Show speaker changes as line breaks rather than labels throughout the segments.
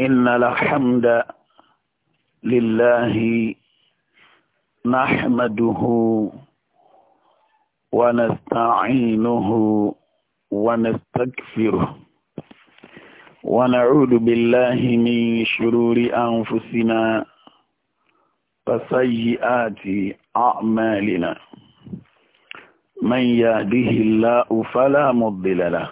إن الحمد لله نحمده ونستعينه ونستكفره ونعوذ بالله من شرور أنفسنا وسيئات أعمالنا من يهده الله فلا مضل له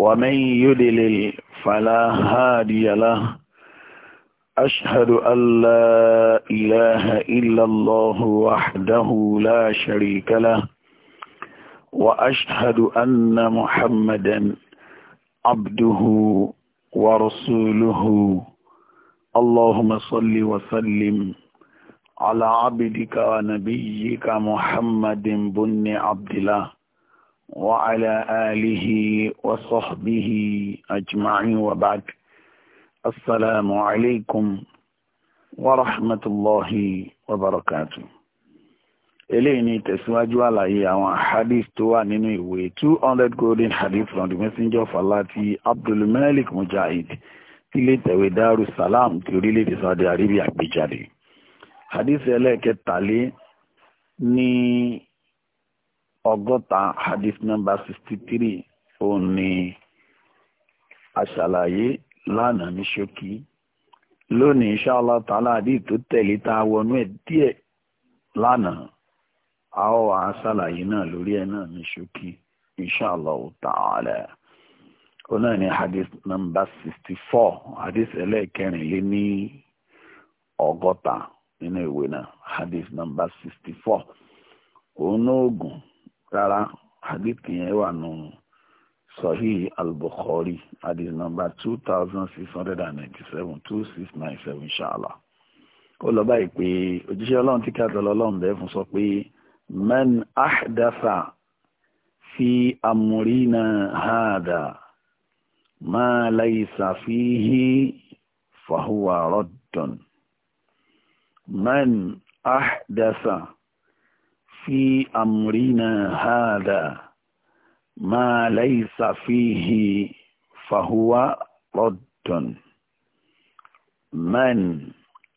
ومن يدلل فلا هادي له أشهد أن لا إله إلا الله وحده لا شريك له وأشهد أن محمدا عبده ورسوله اللهم صل وسلم على عبدك ونبيك محمد بن عبد الله وعلى آله وصحبه أجمعين وبعد السلام عليكم ورحمة الله وبركاته eléyìí tẹ̀síwájú àlàyé àwọn hadith tó wà nínú ìwé two hundred golden hadith from the messenger of allah ti abdulmalik mujahid tẹ̀wé salam ti orílẹ̀-èdè saudi arabia gbé jáde hadith ní Ọgọta hadith nọmba 63 òun ni aṣàlàyé lánàá ní ṣókí lónìí inshallah ta'ala tó tẹ̀lé ta wọnú ẹ̀ díẹ̀ lánàá a ó ṣàlàyé náà lórí ẹ̀ náà ní ṣókí inshallah òun ni hadith nọmba 64 hadith ẹlẹ́ẹ̀kẹrin lé ní ọgọ́ta hadith nọmba òun náà rárá hadith yẹn wà nù sahih al-bukhari hadith number two thousand six hundred and ninety-seven two six nine seven inshallah ó lọ báyìí pé òjíṣẹ́ ọlọ́run tí káàtó ọlọ́run bẹ́ẹ̀ fún sọ pé man ahdatha fi amurina hada ma laysa fihi fahuwa raddun man ahdatha. في أمرنا هذا ما ليس فيه فهو رد من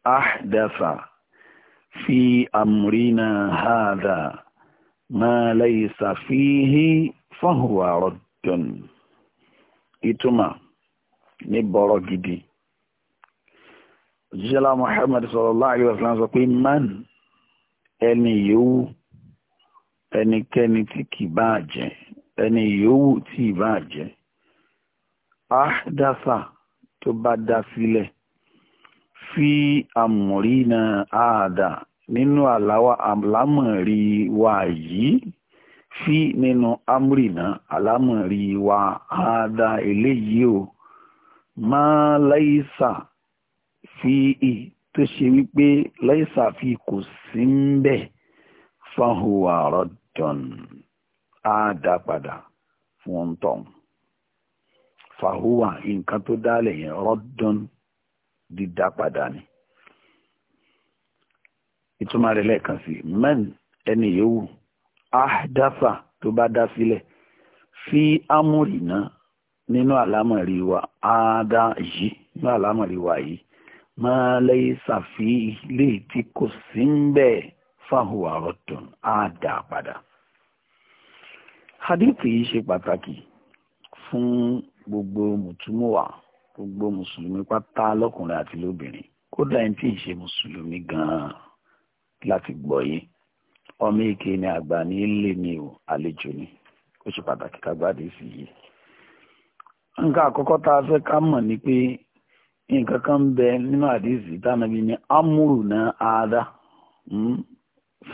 أحدث في أمرنا هذا ما ليس فيه فهو رد إتما نبرا جدي جلا محمد صلى الله عليه وسلم من أني يو ẹnikẹ́ni tí kì bá jẹ́ ẹni yòówù tí ì bá jẹ́ ádáfà tó bá dá sílẹ̀ fi àmọ̀rí na àádá nínú àlámọ̀rí wa yìí fi nínú amúrì náà àlámọ̀rí wa àádá eléyìí o máa láìsà fi ì tó ṣe wípé láìsà fi kò sí ń bẹ̀ fáhùwà rọ̀dù tọ́n á dá padà fún tọ́n fàhùwà nǹkan tó dálẹ̀ yẹn rọ́dọ́n dídá padà ni ìtumọ̀ rẹ̀ lẹ́ẹ̀kan sí mẹ́n ẹni yòówù áhdáfà tó bá dá sílẹ̀ fi ámúrì náà nínú àlámọ̀rí wa áádá yìí nínú àlámọ̀rí wa yìí máa lẹ́yìn ṣàfihàn léyìí tí kò sí ń bẹ́ẹ̀ fáhùwà rọ̀tún á pada padà. hadith yìí ṣe pàtàkì fún gbogbo mùtúmọ̀wá gbogbo mùsùlùmí pátá lọ́kùnrin àti lóbìnrin kódà ẹni tí ì ṣe mùsùlùmí gan-an láti gbọ́ yé ọmọ èké ni àgbà ní ilé mi ò àlejò ni ó ṣe pàtàkì kágbádé sí yìí. nǹkan àkọ́kọ́ tá a fẹ́ ká mọ̀ ni pé nǹkan kan ń bẹ nínú àdéhùn tánàbí ni amúrù náà áádá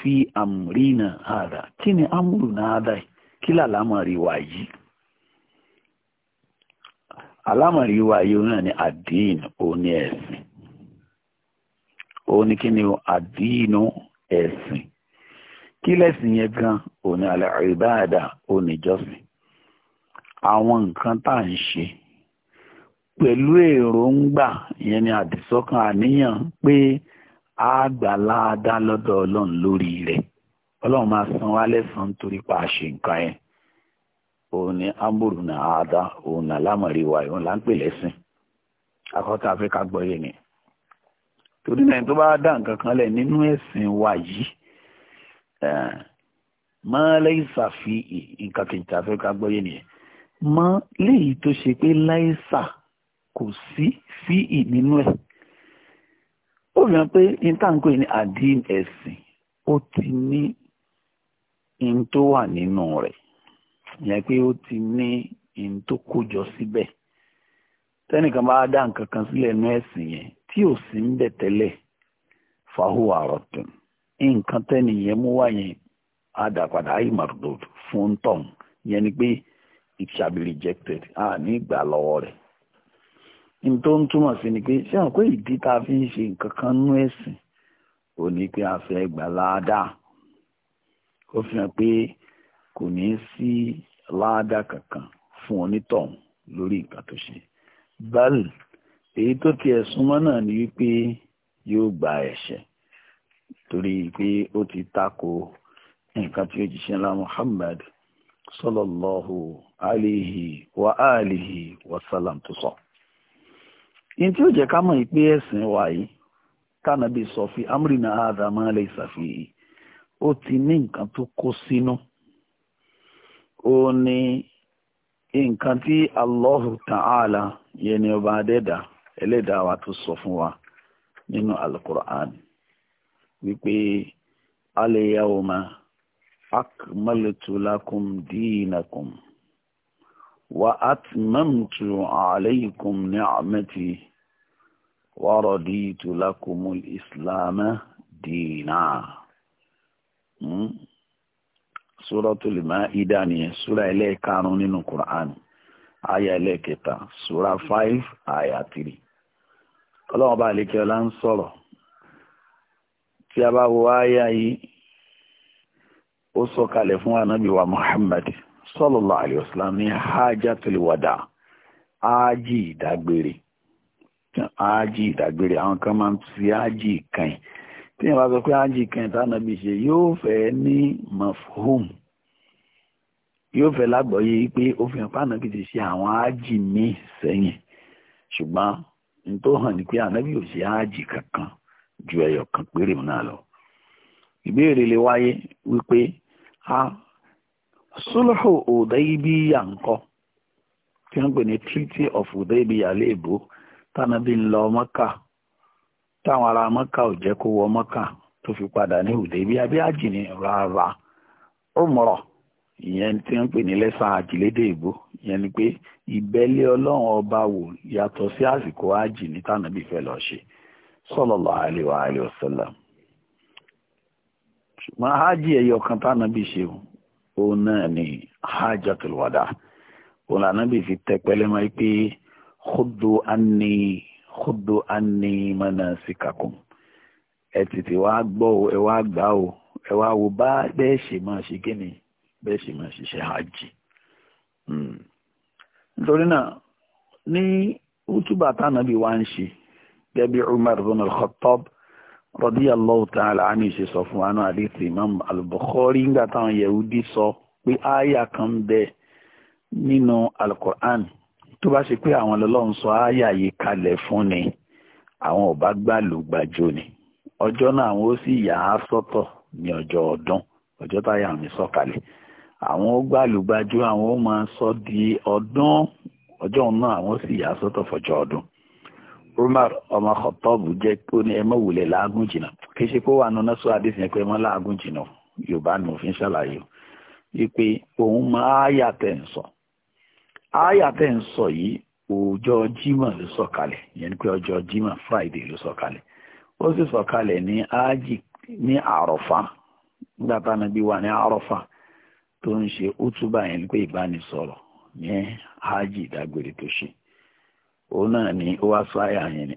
fi amrina hada kí ni na náà hada kí làlámọ̀rí wa yìí àlámọ̀rí yìí náà ni àdín òní ẹ̀sìn òní kí ni àdínú ẹ̀sìn kí lẹ́sìn yẹn gan òní àlàìbáàdà òní ìjọsìn àwọn nǹkan tá à ń ṣe pẹ̀lú èròǹgbà yẹn ni àdìsọ́kàn àníyàn á gbà láàdá lọ́dọ̀ ọlọ́run lórí rẹ̀ ọlọ́run máa san wá lẹ́san nítorí pa àṣẹ nǹkan yẹn òun ni ámbòrò náà àádá òun náà lámọ̀rí wa ìwọ̀n là ń pè lẹ́sìn akọ́tà fẹ́ ká gbọ́ yẹn ni torí náà tó bá dá nǹkan kan lẹ̀ nínú ẹ̀sìn wa yìí mọ́ lẹ́yìn sàfi nǹkan kejì tá gbọ́ yẹn nìyẹn mọ́ léyìí tó ṣe pé láìsà kò sí fíì nínú ẹ̀ ó fi hàn pé intanko ní àdín ẹ̀sìn ó ti ní in tó wà nínú rẹ̀ ìyẹn pé ó ti ní in tó kójọ síbẹ̀ tẹ́nìkan bá dá nǹkan kan sílẹ̀ nú ẹ̀sìn yẹn tí ò sí ń bẹ̀ tẹ́lẹ̀ fahuwa rọ̀tún nǹkan tẹ́nìyẹn mú wá yẹn á dà padà fún tọ̀hún yẹn ni pé it shall be rejected a ní ìgbà lọ́wọ́ rẹ̀ ní tó ń túmọ̀ sí ni pé ṣé àwọn pé ìdí tá a fi ń ṣe nǹkan kan nú ẹ̀sìn ò ní pé a fẹ́ gbà láàdáa ó fi hàn pé kò ní sí láàdáa kankan fún onítọ̀hún lórí nǹkan tó ṣe báàlì èyí tó ti ẹ̀sùn mọ́ náà ni wípé yóò gba ẹ̀ṣẹ̀ torí pé ó ti tako nǹkan tí ó jíṣẹ́ ńlá Muhammad sallallahu alayhi wa alihi wa sallam tó sọ. So. in tí ó jẹ́ ká mọ̀ yi ẹ̀sìn wa yìí tánàbí sọ fi amúrìnà àdàmọ́ lè ṣàfihàn ó ti ní nǹkan tó kó sínú ó ní nǹkan tí Allahu ta'ala yẹn ni ọba adẹ́dà ẹlẹ́dàá wa tó sọ fún wa nínú alukur'an wípé al-yawma akmaltu lakum dinakum wa atmamtu alaykum ورضيت لكم الإسلام دينا سورة المائدة سورة إليه كانوا القرآن آية إليه كتا سورة 5 آية 3 الله بالك لن صلى tí a bá wo áyá yìí ó sọ kalẹ̀ fún anábì wa Muhammad alayhi ájì dagbere àwọn kan ma n fi ájì kan tí yẹn bá sọ pé ájì kan tánàbí ṣe yóò fẹ́ ní mafhum yóò fẹ́ lágbọ́yé pé ó fi hàn kìí ti ṣe àwọn ájì míì sẹ́yìn ṣùgbọ́n n tó hàn ní pé ànábì ò ṣe kankan ju ẹyọ kan péré náà lọ ìbéèrè wáyé wípé a tí tánàbí ń lọ mọ́kà táwọn ará mọ́kà ò jẹ́ kó wọ mọ́kà tó fi padà ní Hudaybiya bí àjìní rárá umra ìyẹn tí wọ́n pè ní lẹ́sàn àjìlédè ìbò ìyẹn ni pé ìbẹ́lé ọlọ́run ọba wò yàtọ̀ sí àsìkò àjìní tánàbí fẹ́ lọ ṣe sallallahu alaihi wa alihi wasallam ṣùgbọ́n hájì ẹ̀yọ kan tánàbí ṣe òun náà ni hajjatul wada òun lànàbí fi tẹpẹlẹ mọ́ pé khudu anni khudu anni manasikakum ẹ tètè wá gbọ́ o ẹ wá gbà o ẹ wá wo bá bẹ́ẹ̀ ṣe máa ṣe kí ni bẹ́ẹ̀ ṣe máa ṣiṣẹ́ hajj hmm. nítorí náà ní útúbà tánàbí wá ń ṣe gẹ́bí Umar bin al-Khattab radiyallahu ta'ala anhu ṣe sọ fún wa náà àdìsí Imam al-Bukhari ńgbà táwọn Yahudi sọ pé ááyà kan bẹ nínú al-Qur'an tó bá ṣe pé àwọn lọ́lọ́run sọ ááyà yìí kalẹ̀ fún ni àwọn ò bá gbàlùgbàjò ni ọjọ́ náà àwọn ó sì yà á sọ́tọ̀ ní ọjọ́ ọdún ọjọ́ táyà mi sọ̀kalẹ̀ àwọn ó gbàlùgbàjò àwọn ó máa sọ di ọdún ọjọ́ náà àwọn ó sì yà á sọ́tọ̀ fọjọ́ ọdún Umar ọmọ Khattabu jẹ́ pé ó ní ẹ mọ̀wùlẹ̀ láàgùn jìnnà kì í ṣe pé ó wà sọ àdéhùn pé ẹ láàgùn jìnnà Yorùbá nù fi ń ṣàlàyé wípé òun máa yàtẹ̀ ń sọ aya tẹ́ ń sọ yìí ọjọ́ Jímọ̀ ló sọ̀kalẹ̀ ìyẹn ni pé ọjọ́ Jímọ̀ Friday ló sọ̀kalẹ̀ ó sì sọ̀kalẹ̀ ní ájì ní àrọ̀fà nígbà táwọn ẹbí wà ní àrọ̀fà tó ń ṣe útúbà yẹn ni pé ìbánisọ̀rọ̀ ní ìdágbére tó ṣe òun náà ni ó wá sọ àyà yẹn ni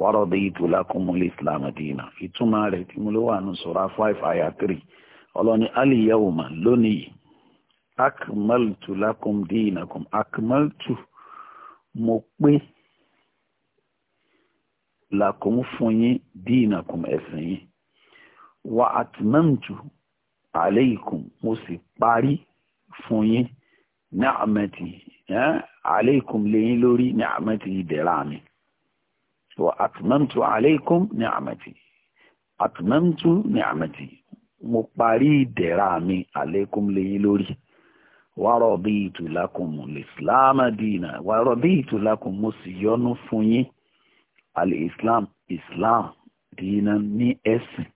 waraditu lakumul islam dina ìtumọ̀ rẹ̀ tí mo ló wà ní sura five aya three ọlọ́ni aliyahuma lónìí akmaltu lakum dinakum akmaltu mo pé lakum fún yín dinakum ẹ̀sìn yín wa atmamtu aleikum mo sì parí fún yín ní àmẹ́tì eh, aleikum lẹ́yìn lórí ní àmẹ́tì ìdẹ̀ra mi wa atmamtu alaykum ni'amati atmamtu ni'amati mo parí ìdẹ̀ra mi alaykum lẹ́yìn lórí wa raditu lakum al-islam dina wa raditu lakum mo sì yọ́nú fún yín al-islam islam dina ní ẹ̀sìn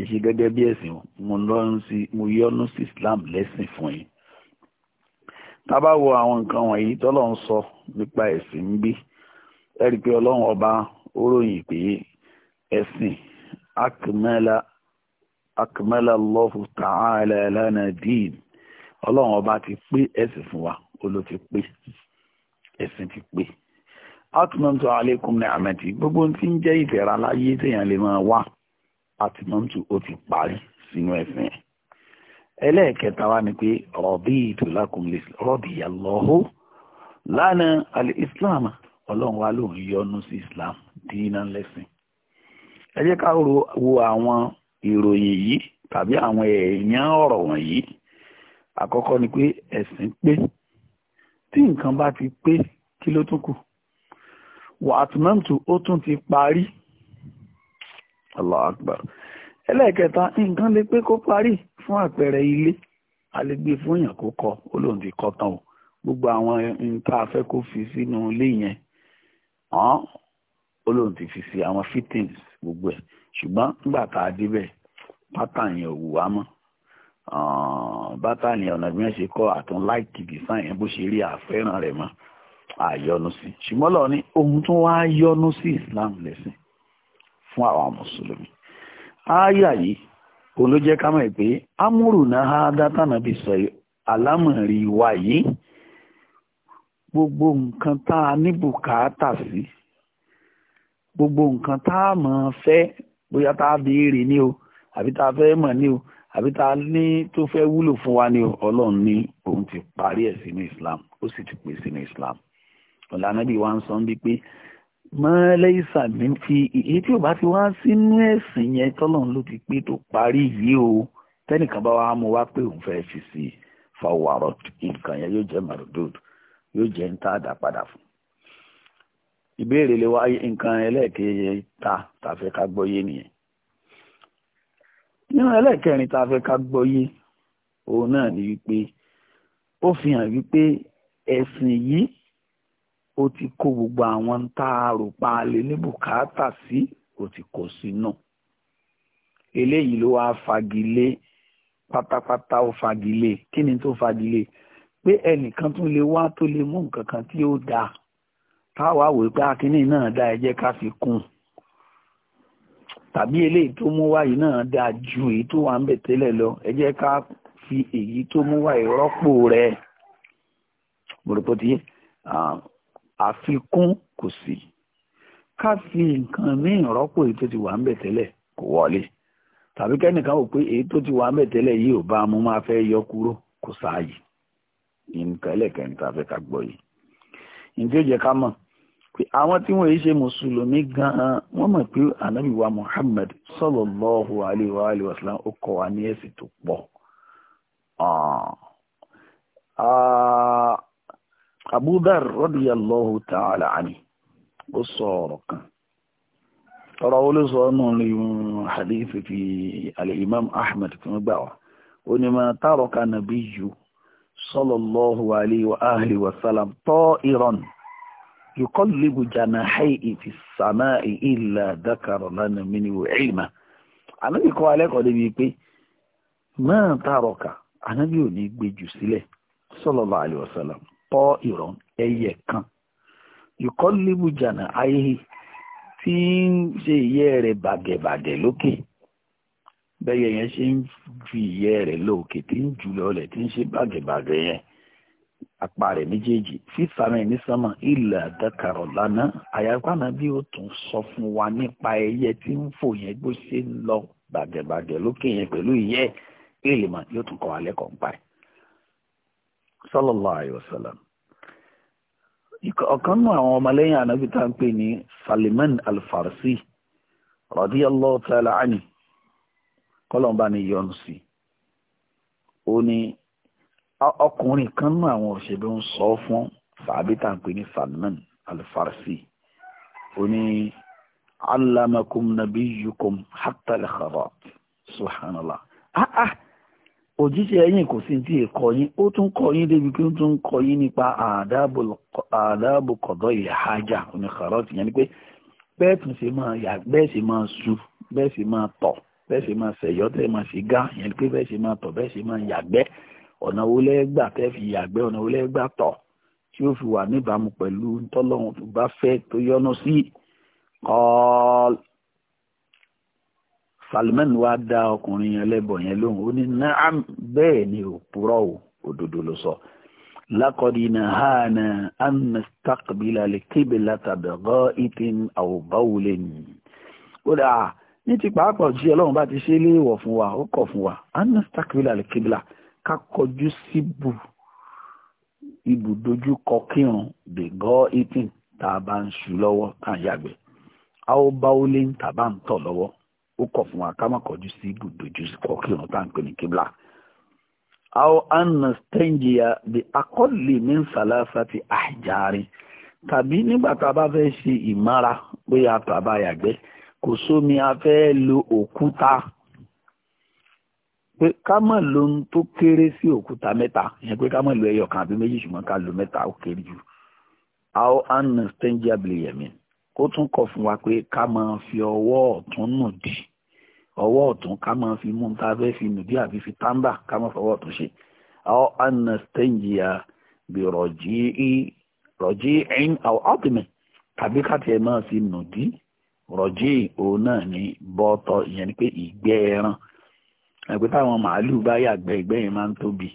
ìṣe gẹ́gẹ́ bí ẹ̀sìn mo lọ́rùn sí mo yọ́nú sí islam lẹ́sìn fún yín tá bá wo àwọn nǹkan wọ̀nyí tọ́lọ́ ń sọ nípa ẹ̀sìn ń bí ẹ̀rí pé ọlọ́run ọba ó pé ẹ̀sìn akmala akmala Allahu ta'ala ọba ti pé ẹ̀sìn fún wa ó ti pé ẹ̀sìn ti pé gbogbo ti ń jẹ́ ìfẹ̀ra láyé téèyàn lè máa wá atmamtu ó ti parí sínú ẹ̀sìn yẹn ẹlẹ́ẹ̀kẹta wa ni pé islam ọlọ́run wa lòun yọ́nú sí islam dínà lẹ́sìn ẹ jẹ́ ká wo àwọn ìròyìn yìí tàbí àwọn ẹ̀yán ọ̀rọ̀ wọ̀nyí àkọ́kọ́ ni pé ẹ̀sìn pé tí nǹkan bá ti pé kí ló tún kù wàtúmọ̀tù ó tún ti parí Allahu Akbar ẹlẹ́ẹ̀kẹta nǹkan lè pé kó parí fún àpẹẹrẹ ilé a lè gbé fún èèyàn kó kọ́ ó lóun ti kọ́ tán o gbogbo àwọn nǹkan afẹ́ kó fi sínú ilé yẹn hàn ó lóun ti fi sí àwọn fittings gbogbo ẹ̀ ṣùgbọ́n nígbà tá a débẹ̀ pátá yẹn ò wù wá mọ́ bátà ni ọ̀nà bí wọ́n ṣe kọ́ àtún láìkì design yẹn bó ṣe rí àfẹ́ràn rẹ̀ mọ́ àyọnu sí ṣùgbọ́n lọ ní ohun tó wá yọnu sí Islam lẹ́sìn fún àwọn mùsùlùmí ááyà yìí òun ló jẹ́ ká mọ̀ pé amúrù náà dátà náà bí sọ alámọ̀rí wa yìí gbogbo nǹkan tá a ní bùkátà sí gbogbo nǹkan tá a mọ̀ fẹ́ bóyá tá a béèrè ní o àbí tá a fẹ́ mọ̀ ní o àbí tá a ní tó fẹ́ wúlò fún wa ní o ọlọ́run ní òun ti parí ẹ̀ sínú Islam ó sì ti pè sínú Islam ọ̀la anábì wa ń sọ bí pé mọ́lẹ́ ìsàmì fi èyí tí ò bá ti wá sínú ẹ̀sìn yẹn tọ́lọ́run ló ti pé tó parí yìí o tẹ́nìkan bá wa mú wa pé òun fẹ́ fi sí i àrọ̀ nǹkan yẹn yóò jẹ́ màrúdòdò yóò jẹ́ ń tá àdá padà fún. ìbéèrè lè wáyé nǹkan ẹlẹ́ẹ̀kẹ́ ta tàfẹ́ ká gbọ́yé nìyẹn. nínú ẹlẹ́ẹ̀kẹrin tàfẹ́ ká gbọ́yé òun náà ni wípé ó fi hàn wípé ẹ̀sìn yìí ó ti kó gbogbo àwọn tá a rò pa lè ní bùkátà sí ó ti kó sínú eléyìí ló wá fagilé pátápátá ó fagilé kí ni tó fagilé pé ẹnìkan tún lè wá tó lè mú nǹkan kan tí ó dáa táwa wò pé akínní náà dá ẹ jẹ́ ká fi kún un tàbí eléyìí tó mú wáyé náà dáa ju èyí tó wà ń bẹ̀ tẹ́lẹ̀ lọ ẹ jẹ́ ká fi èyí tó mú wáyé rọ́pò rẹ̀ mọ̀rọ̀pọ̀tì àfikún kò sí ká fi nǹkan míì rọ́pò èyí tó ti wà ń bẹ̀ tẹ́lẹ̀ kò wọlé tàbí kẹ́nìkan wò pé èyí tó ti wà ń bẹ̀ tẹ́lẹ̀ yìí ò bá mu máa fẹ́ yọ kúrò kò sáàyè nǹkan ẹlẹ́kẹ̀rin tá a fẹ́ ká gbọ́ yìí nǹkan ó jẹ́ ká mọ̀ pé àwọn tí wọ́n yìí ṣe mùsùlùmí gan-an wọ́n pé ànábì wa Muhammad sallallahu alaihi wa alihi wasallam ó kọ́ wa ní ẹ̀sìn tó pọ̀ ah, ah, abudar radiyallahu ta'ala ani ó sọ ọ̀rọ̀ kan ọ̀rọ̀ wo sọ ọ́nà rí hadith fi al-imam Ahmad tí wọ́n gbà wá ó ní ma taraka nabiyyu sallallahu alayhi wa ahli wa sallam ta'iran yuqallibu janahihi fi sama'i illa dhakara lana minhu ilma ànábì kọ́ alẹ́kọ̀ọ́ débi pé máa tààrọ̀ kà ànábì ò ní gbé jù sílẹ̀ sallallahu alayhi wa sallam ta'iran ẹyẹ kan yuqallibu janahihi tí ń ṣe ìyẹ́ rẹ̀ bàgẹ̀bàgẹ̀ lókè. Okay bẹ́yẹ yẹn ṣe ń ju ìyẹ́ rẹ̀ lóòkè tí ń jù lọ́lẹ̀ tí ń ṣe bàgẹ̀bàgẹ̀ yẹn apá rẹ̀ méjèèjì fífàmì ní sánmà ilẹ̀ àdàkàrọ̀ lánàá àyàgbọ́nà bí ó tún sọ fún wa nípa ẹyẹ tí ń fò yẹn bó ṣe ń lọ bàgẹ̀bàgẹ̀ lókè yẹn pẹ̀lú ìyẹ́ ìlìmọ̀ yóò tún kọ́ alẹ́ kọ̀ ń ẹ̀ sallallahu alayhi ọ̀kan nù àwọn ọmọlẹ́yìn ànábì ń pè ní Salman al-Farsi radiyallahu kọ́lọ́n bá mi yọ́nú sí ó ní ọkùnrin kan nínú àwọn òṣèlú ń sọ fún sàbí tá à ń pè ní Salman Al-Farsi ó ní allamakum nabiyukum hatta al-kharat subhanallah ah ah òjíṣẹ́ ẹ̀yìn kò sí tí èkọ́ ó tún kọ́ débi kí ó tún kọ́ nípa àdáàbò kọ̀dọ̀ ìhájà oníkàrọ́ọ̀tì yẹn ni pé bẹ́ẹ̀ tún ṣe máa yà bẹ́ẹ̀ sì máa su bẹ́ẹ̀ sì máa tọ̀ bẹ́ẹ̀ ṣe máa ṣẹ̀yọ́ tẹ́ máa ṣe gá yẹn pé bẹ́ẹ̀ ṣe máa tọ̀ bẹ́ẹ̀ ṣe máa yàgbẹ́ ọ̀nà wo lẹ́gbà tẹ́ fi yàgbẹ́ ọ̀nà wo lẹ́gbà tọ̀ tí ó fi wà níbàámu pẹ̀lú tọ́lọ́run tó bá fẹ́ tó yọ́nú sí kọ́ọ́l Salman wa dá ọkùnrin yẹn lẹ́bọ̀ yẹn lóhùn ó ní naam bẹ́ẹ̀ ni ò purọ́ o òdodo ló sọ laqad nahana an nastaqbila al-qiblata bighaitin aw bawlin ó dáa ní ti pàápàá jí ọlọ́run bá ti ṣe léèwọ̀ fún wa ó kọ̀ fún wa anastakvila alkebla ká kọjú síbù ibùdójú kọ kírun the god eating tá a bá ń ṣu lọ́wọ́ tá a yàgbẹ́ a ó bá ó lé tá bá ń tọ̀ lọ́wọ́ ó kọ̀ fún wa ká má kọjú sí ibùdójú kọ kírun tá a ń pè ní kebla. a ó anastangia the akọ́lé min salasati ahjari tàbí nígbà tá a bá fẹ́ ṣe ìmára bóyá tá yàgbẹ́ kò sómi a fẹ́ lo òkúta pé ká mọ̀ lo ohun tó kéré sí òkúta mẹ́ta ìyẹn pé ká mọ̀ lo ẹyọ kan àbí méjì ṣùgbọ́n ká lo mẹ́ta ó kéré jù how unastainably yẹmi kó tún kọ fún wa pé ká máa fi ọwọ́ ọ̀tún nù dì ọwọ́ ọ̀tún ká máa fi mú ta fẹ́ fi nù dí àbí fi tábà ká máa fọwọ́ ọ̀tún ṣe how unastainably rọ̀jí rọ̀jí ẹ̀yìn àwọn ọ̀tìmẹ̀ tàbí ká tiẹ̀ máa fi nù dí rọ̀jí òun náà ní bọ́tọ̀ ìyẹn ni pé ìgbẹ́ ẹran ẹgbẹ́ táwọn màálù bá yàgbẹ́ ìgbẹ́ yẹn máa ń tóbi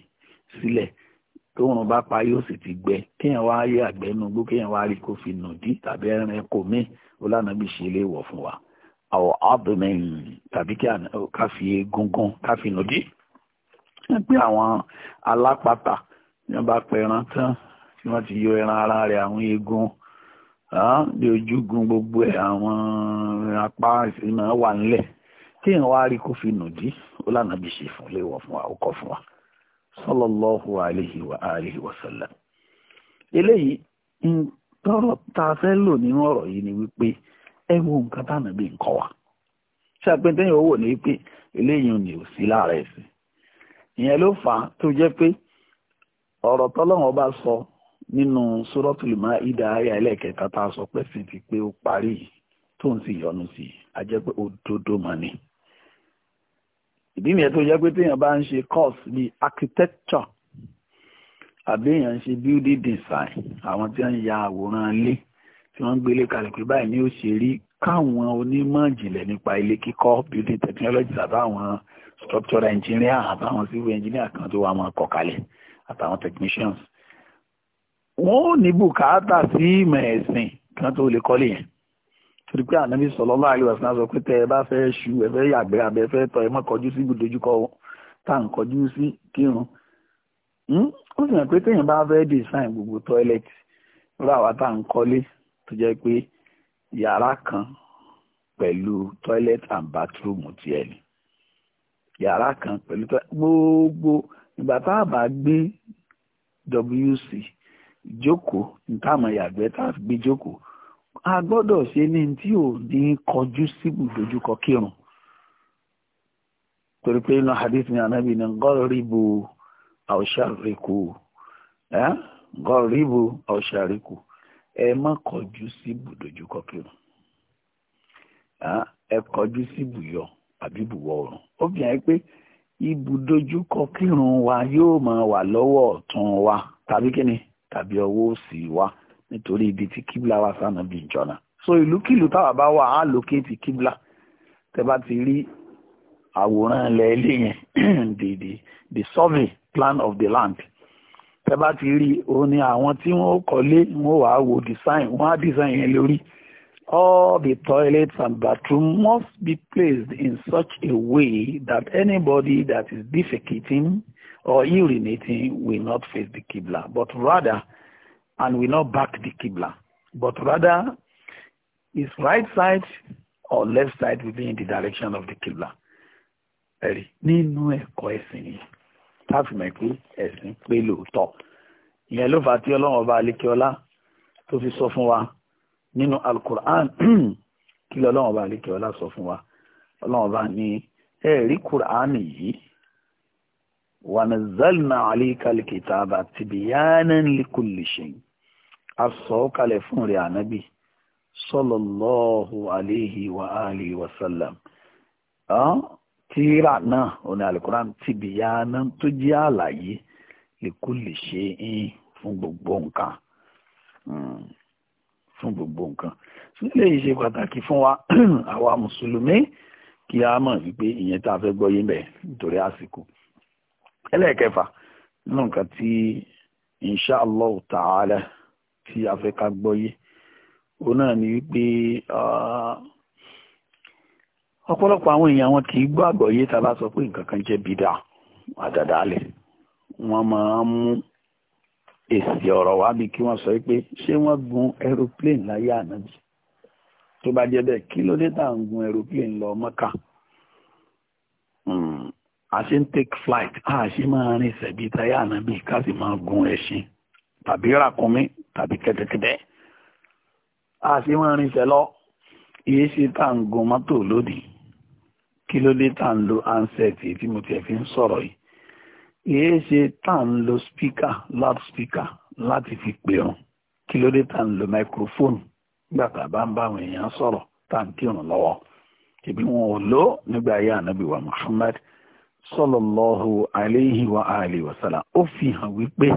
sílẹ̀ tóun bá pa yóò sì ti gbẹ kéèyàn wá rí àgbẹ̀ inú igbó kéèyàn wá rí kó fi nùdí tàbí ẹran ẹ̀kọ́ míì olánàbí ṣe lè wọ̀ fún wa àwọ̀ abdomen tàbí ká fi egungun ká fi nùdí. pé àwọn alápatà ní wọ́n bá pẹran tán tí wọ́n ti yọ ẹran ara rẹ̀ àwọn eegun ní ojúgun gbogbo ẹ̀ àwọn apá ìsinmi wà nílẹ̀ tí ìwọ̀n wá rí fi nùdí ó lànà bí ṣe fún léwọ̀ fún wa ó kọ́ fún wa sallallahu alayhi wa alihi wa sallam eléyìí tọrọ tá a fẹ́ ni wípé ẹ wo nǹkan tánà bí nǹkan wa owó ni wípé eléyìí ni ò sí láàárẹ̀ sí ìyẹn ló fà á tó jẹ́ pé ọ̀rọ̀ tọ́lọ́wọ́n nínú suratul Maida ayé ẹlẹ́kẹta tá a sọ pé sì ti pé ó parí tóun sì yọnu sí i a jẹ́ pé òdodo mà ni ìdí nìyẹn tó jẹ́ pé téèyàn bá ń ṣe course bí architecture àbí èèyàn ń ṣe building design àwọn tí wọ́n ń ya àwòrán ilé tí wọ́n ń gbélé kalẹ̀ pé báyìí ni ó ṣe rí káwọn onímọ̀ ìjìnlẹ̀ nípa ilé kíkọ́ building technology àbáwọn structural engineer àbáwọn civil engineer kan tó wà máa kọ̀ kalẹ̀ àtàwọn technicians wọ́n ò ní bùkátà sí ìmọ̀ ẹ̀sìn kí wọ́n tó lè kọ́lé yẹn torí pé ànábì sallallahu alaihi wasallam sọ pé tẹ ẹ bá fẹ́ ṣu ẹ fẹ́ yàgbẹ́ abẹ fẹ́ tọ̀ ẹ mọ́ kọjú sí ibùdójúkọ tá à ń kọjú sí kírun hmm? ó sì hàn pé téèyàn bá fẹ́ design gbogbo tọ́ílẹ̀tì rú àwa tá à ń kọ́lé tó jẹ́ pé yàrá kan pẹ̀lú toilet and bathroom tiẹ̀ ni yàrá kan pẹ̀lú gbogbo ìgbà tá a bá gbé WC Joko nke yàgbẹ́ tá a gbé jókòó a gbọ́dọ̀ ṣe ní tí ò ní kọjú síbù dojúkọ kírun torí pé inú hadith ni anabi ni gọ́ọ̀rìbù àwòṣàríkù gọ́ọ̀rìbù àwòṣàríkù ẹ má kọjú síbù dojúkọ kírun ẹ kọjú síbù yọ àbí bùwọ̀ ọ̀run ó fi hàn pé ibùdójúkọ kírun wa yóò máa wà lọwọ ọ̀tún wa tàbí kí ni tàbí ọwọ́ òsì wa nítorí ibi tí kíbla wà sànà bí ìjọna so ìlúkìlú táwa bá wà á lókèétì kíbla tẹ bá ti rí àwòrán ilẹ̀ ilé yẹn the the the survey plan of the land tẹ bá ti rí o ní àwọn tí wọ́n kọ́lé wọ́n wàá wo design wọ́n á design yẹn lórí all the toilets and bathroom must be placed in such a way that anybody that is defecating or urinating will not face the Qibla, but rather, and will not back the Qibla, but rather his right side or left side will be in the direction of the Qibla. Ẹ̀rí nínú ẹ̀kọ́ ẹ̀sìn yìí, táàfì mọ̀ pé ẹ̀sìn pé lóòótọ́. Ìyẹn ló fà tí Ọlọ́run ọba Alékeọlá tó fi sọ fún wa nínú Al-Qur'an kí Ọlọ́run ọba Alékeọlá sọ fún wa. Ọlọ́run ọba ní ẹ̀rí Qur'an yìí wànàzálìnà àlíkàlì kìtàbà tìbíyánà likulli shay asọ̀ọ́kalẹ̀ fún rẹ̀ ànábì sallallahu alayhi wa alihi wa sallam tíra náà òní alukuran tìbíyánà tó jẹ́ àlàyé likulli shay fún gbogbo nǹkan hmm, fún gbogbo nǹkan sílé yìí ṣe pàtàkì fún wa àwa mùsùlùmí kí a mọ̀ wípé ìyẹn tá a fẹ́ gbọ́ yé bẹ́ẹ̀ nítorí àsìkò ẹlẹ́ẹ̀kẹfà nínú nǹkan tí insha allah ta'ala tí a fẹ́ ká gbọ́yé òun náà ni wípé ọ̀pọ̀lọpọ̀ àwọn èèyàn wọn kì í gbọ́ àgbọ́yé tá bá sọ pé nǹkan kan jẹ́ bídà àdàdálẹ̀ wọ́n máa ń mú èsì ọ̀rọ̀ wá bí kí wọ́n sọ pé ṣé wọ́n gun aeroplane láyé ànábì tó bá jẹ́ bẹ́ẹ̀ kí ló dé tá à ń gun aeroplane lọ mọ́kà a ṣe ń take flight a ṣe máa rìn ṣẹ̀bi táyà ànábì ká sì máa gun ẹṣin tàbí ràkúnmí tàbí kẹ̀tẹ̀kẹ̀tẹ̀ a ṣe máa rìn ṣẹ̀ lọ iye ṣe tá à ń gun mọ́tò lónìí kí ló dé tá à ń lo handset tí mo tiẹ̀ fi ń sọ̀rọ̀ yìí iye ṣe tá à ń lo speaker loud speaker láti fi pè ọ́n kí ló dé tá à ń lo microphone nígbà tá a bá ń bá àwọn èèyàn sọ̀rọ̀ tá à ń kírun lọ́wọ́ ìbí wọn ò lò nígbà ayé ànábì wa Muhammad sọlọlọhù àìléhì wa àìlè wasala ó fi hàn wípé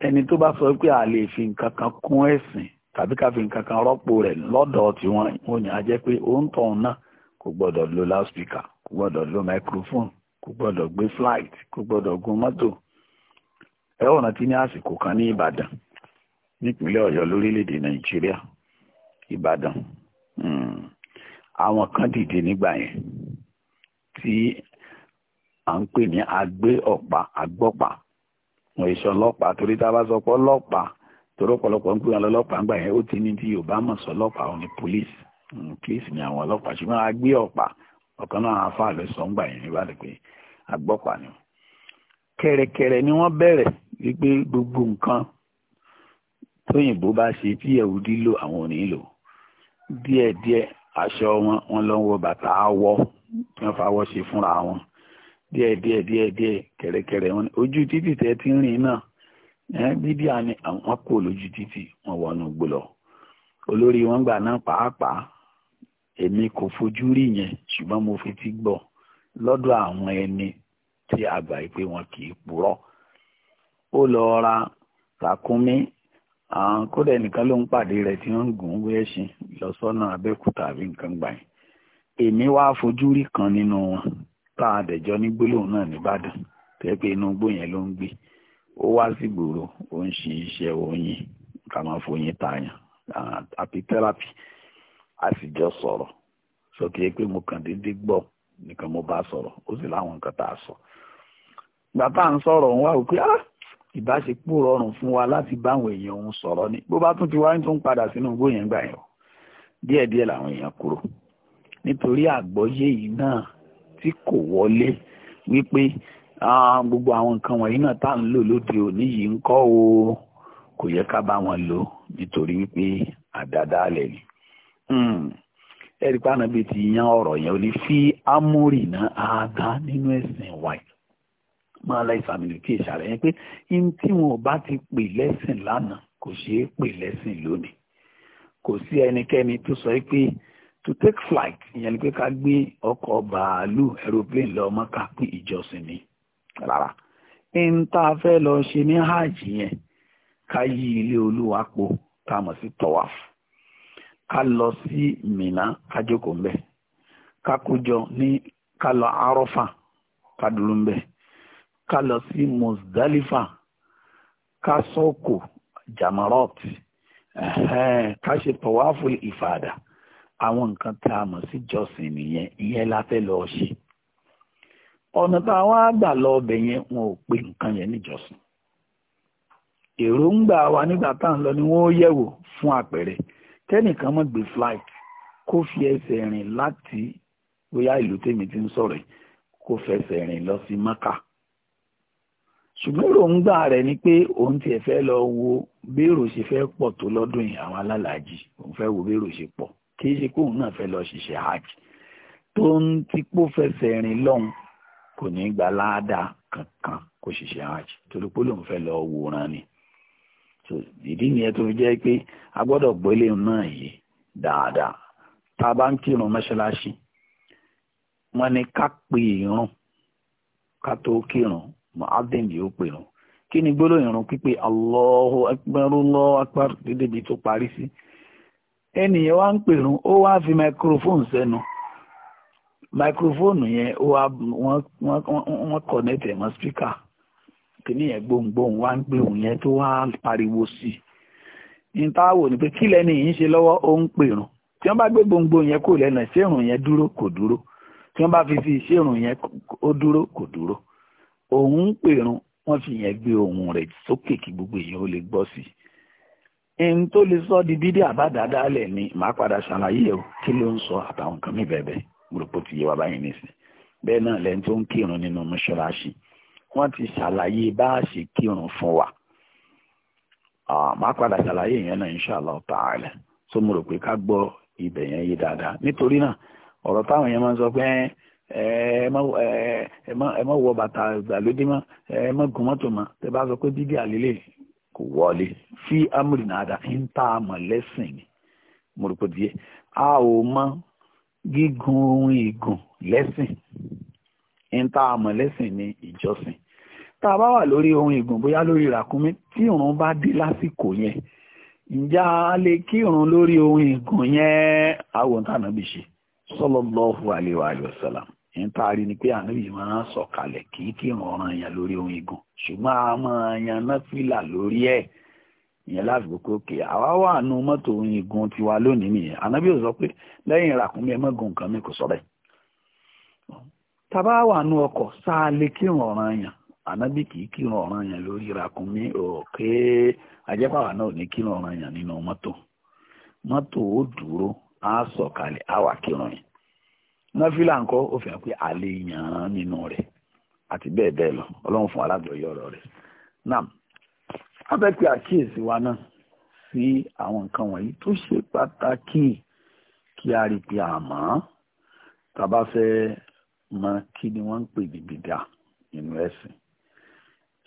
ẹni tó bá sọ pé a lè fi nǹkan kan kún ẹsìn tàbí ká fi nǹkan kan rọ́pò rẹ̀ lọ́dọ̀ tiwọn ò ní a jẹ́ pé náà kò gbọ́dọ̀ lo loudspeaker kò gbọ́dọ̀ lo microphone kò gbọ́dọ̀ gbé flight kò gbọ́dọ̀ gun mọ́tò ní àsìkò kan ní Ìbàdàn à ń pè ní agbé ọ̀pá agbọ́pá wọn ìṣọ ọlọ́pàá torí tá a bá sọ pé ọlọ́pàá torí ọ̀pọ̀lọpọ̀ ń pè wọn lọ́lọ́pàá ńgbà yẹn ó ti ní tí Yorùbá mọ̀ sọ ọlọ́pàá òun ni police hmm, police ni àwọn ọlọ́pàá ṣùgbọ́n agbé ọ̀pá ọ̀kan náà afa àlọ́ sọ ńgbà yẹn ní ìbàdàn pé agbọ́pàá ni kẹ̀rẹ̀kẹ̀rẹ̀ ni wọ́n bẹ̀rẹ̀ wípé gbogbo nǹkan tóyìnbó bá ṣe tí ẹ̀wùdí lò àwọn òní lò díẹ̀díẹ̀ aṣọ wọn wọn lọ bàtà awọ tí wọ́n fawọ́ ṣe fúnra wọn díẹ̀ díẹ̀ díẹ̀ díẹ̀ kẹ̀rẹ̀kẹ̀rẹ̀ wọn ojú títì tẹ́ ti rìn náà ẹ́ bídíà ni àwọn kò lójú títì wọn wọnú gbó olórí wọn gbà náà pàápàá èmi kò fojú rí yẹn mo fi ti lọdọ àwọn ẹni tí a gbà pé wọn kì í purọ́ ó lọ ra ràkúnmí àwọn kódà ẹnìkan ló ń pàdé rẹ̀ tí ń gùn lọ sọ́nà abẹ́òkúta àbí nǹkan gbà èmi fojú kan nínú láàdẹ̀jọ́ ní gbólóhùn náà nìbàdàn tẹ́ pé inú igbó yẹn ló ń gbé ó wá sí gbòòrò ó ń ṣe iṣẹ́ oyin ká máa foyin tààyàn àti tẹ́rápì a sì jọ sọ̀rọ̀ sọ kí ẹ pé mo kàn déédéé gbọ́ nìkan mo bá sọ̀rọ̀ ó sì láwọn nǹkan tá a sọ. ìgbà tá à ń sọ̀rọ̀ òun wá wípé ah ìbáṣepọ̀ rọrùn fún wa láti báwọn èèyàn òun sọ̀rọ̀ ni bó bá tún ti wáyé tó ń padà sínú igbó yẹn gbà yẹn díẹ̀díẹ̀ làwọn èèyàn kúrò nítorí àgbọ́yé yìí náà tí kò wọlé wípé gbogbo àwọn nǹkan wọ̀nyí náà tá à ń lò lóde òní yìí ń kọ́ o kò yẹ ká bá wọn lò nítorí wípé àdádálẹ̀ ni ẹ̀rí pàánà bíi ti yan ọ̀rọ̀ yẹn ò ní fi amúrì náà àádá nínú ẹ̀sìn wáyé máa láì sàmìlì kí ìṣàlẹ̀ yẹn pé in tí wọn bá ti pè lẹ́sìn lánàá kò ṣeé pè lẹ́sìn lónìí kò sí ẹnikẹ́ni tó sọ pé to take flight ìyẹn ni pé ká gbé ọkọ̀ bàálù aeroplane lọ Mọ́kà pé ìjọsìn ni rárá ń tá a fẹ́ lọ ṣe ní hajj yẹn ká yí ilé olúwa po ká mọ̀ sí tọ́wáf ká lọ sí Mínà ká jókòó ń ká kójọ ní ká lọ arọ́fà ká dúró ń ká lọ sí Muzdalifa ká sọ́kò jamarot ká ṣe tọ́wáfù ìfàdà. àwọn nǹkan tá a mọ̀ sí jọ́sìn nìyẹn ìyẹn la fẹ́ lọ ṣe ọ̀nà tá a wá gbà lọ ọbẹ̀ yẹn wọn ò pe nǹkan yẹn níjọ́sìn èròǹgbà wa nígbà tá à ń lọ ni wọ́n ó yẹ̀wò fún àpẹẹrẹ tẹ́nìkan mọ̀ gbé flight kó fi ẹsẹ̀ rìn láti bóyá ìlú tèmi ti ń sọ̀rọ̀ kó fẹsẹ̀ rìn lọ sí Mẹ́kà ṣùgbọ́n èròǹgbà rẹ̀ ni pé òun tiẹ̀ fẹ́ lọ wo béèrò ṣe fẹ́ pọ̀ tó lọ́dún yìí àwọn alálàájì òun fẹ́ wo béèrò ṣe pọ̀ kìí í ṣe kóun náà fẹ́ lọ ṣiṣẹ́ hajj tó ń ti pò fẹsẹ̀ rìn lọ́hùn kò ní gba kankan kó ṣiṣẹ́ hajj torí pé lòun fẹ́ lọ wòran ni ìdí nìyẹn tó fi jẹ́ pé a gbọ́dọ̀ gbélé náà yìí dáadáa tá bá ń kírun mọ́ṣáláṣí wọ́n ní ká pe ìrun ká tó kírun kí ni gbólóhùn pípé tó parí ẹnìyẹn wá ń pèrún ó wá fi microphone sẹ́nu microphone yẹn ó wá wọ́n connect ẹ̀ mọ́ speaker kìíní yẹn gbohùngbohùn wá ń pè òun yẹn tó wá pariwo sí i ní táwọn ò ní pé kí lẹ́ni yìí ń ṣe lọ́wọ́ ó ń pèrún tí wọ́n bá gbé gbohùngbohùn yẹn kò lẹ́nu ìṣèrùn yẹn dúró kò dúró tí wọ́n bá fi sí ìṣèrùn yẹn ó dúró kò dúró òun ń pèrún wọ́n fi yẹn gbé ohùn rẹ̀ sókè kí gbogbo èèyàn ó lè gbọ́ sí i ẹni tó lè sọ di bídí àbádáadáa lẹ̀ ni màá padà ṣàlàyé o kí ló ń sọ àtàwọn nǹkan mi bẹ́ẹ̀ bẹ́ẹ̀ gbòròpó ti yé wa báyìí nísìn bẹ́ẹ̀ náà lẹ́ni tó ń kírun nínú mọ́ṣáláṣí wọ́n ti ṣàlàyé bá a ṣe kírun fún wa màá padà ṣàlàyé yẹn náà inṣàlá ta'ala tó mo rò pé ká gbọ́ ibẹ̀ yẹn yé dáadáa nítorí náà ọ̀rọ̀ táwọn yẹn máa ń sọ pé ẹ má wọ bàtà ìgbàlódé mọ́ ẹ má gun mọ́tò mọ́ tẹ bá sọ pé bíbí àlélẹ́ kò wọlé fi amúrìnà àdá ń tá a mọ̀ lẹ́sìn ni mo rò pé díẹ̀ a ò mọ gígun ohun ìgùn lẹ́sìn ń tá a mọ̀ lẹ́sìn ìjọsìn tá a bá wà lórí ohun ìgùn bóyá lórí ràkúnmí tí ìrun bá dé lásìkò yẹn ǹjẹ́ a lè kírun lórí ohun ìgùn yẹn àwọn tànàbí ṣe sallallahu alaihi wa sallam ntaari ni pé ànábì máa ń sọ̀kalẹ̀ kìí í kírun ọ̀ràn èèyàn lórí ohun igun ṣùgbọ́n a máa yan náfìlà lórí ẹ̀ ìyẹn láti gbogbo òkè àwa wà nù mọ́tò ohun igun tiwa lónìí nìyẹn sọ pé lẹ́yìn ẹ mọ́gun nǹkan mi kò sọ bẹ́ẹ̀. tábà wà nù ọkọ̀ sáà lè èèyàn èèyàn lórí òkè ajẹ́pàwà náà ò ní èèyàn nínú mọ́tò mọ́tò ó dúró á sọ̀kalẹ̀ á wà kírun yẹn náfìlà ńkọ́ ó fi hàn pé àlè yàn án nínú rẹ̀ àti bẹ́ẹ̀ fún alágbèéyé ọ̀rọ̀ rẹ̀ nam abẹ́ pé àkíyèsí wa náà sí àwọn nǹkan wọ̀nyí tó ṣe pàtàkì kí a rí i pé àmọ́ tá a bá fẹ́ mọ kí ni wọ́n ń pè ní bìdà nínú ẹ̀sìn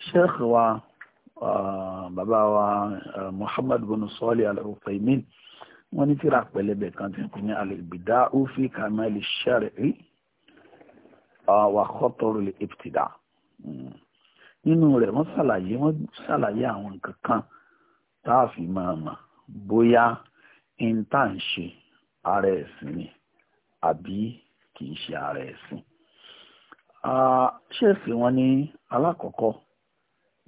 sheikh wa ah, bàbá wa ah, muhammad bin sọ́ọ̀lì al-Uthaymin wọ́n ní tírà pẹlẹbẹ kan tí ń pè ní alìbìdá ufi kamali shari'i wa khatarul ibtida hmm. nínú rẹ̀ wọ́n ṣàlàyé wọ́n ṣàlàyé àwọn nǹkan kan tá a fi máa mọ̀ bóyá n tá à ń ṣe ara ẹ̀sìn ni àbí kì í ṣe ara ẹ̀sìn ṣèèsì wọ́n ní alákọ̀ọ́kọ́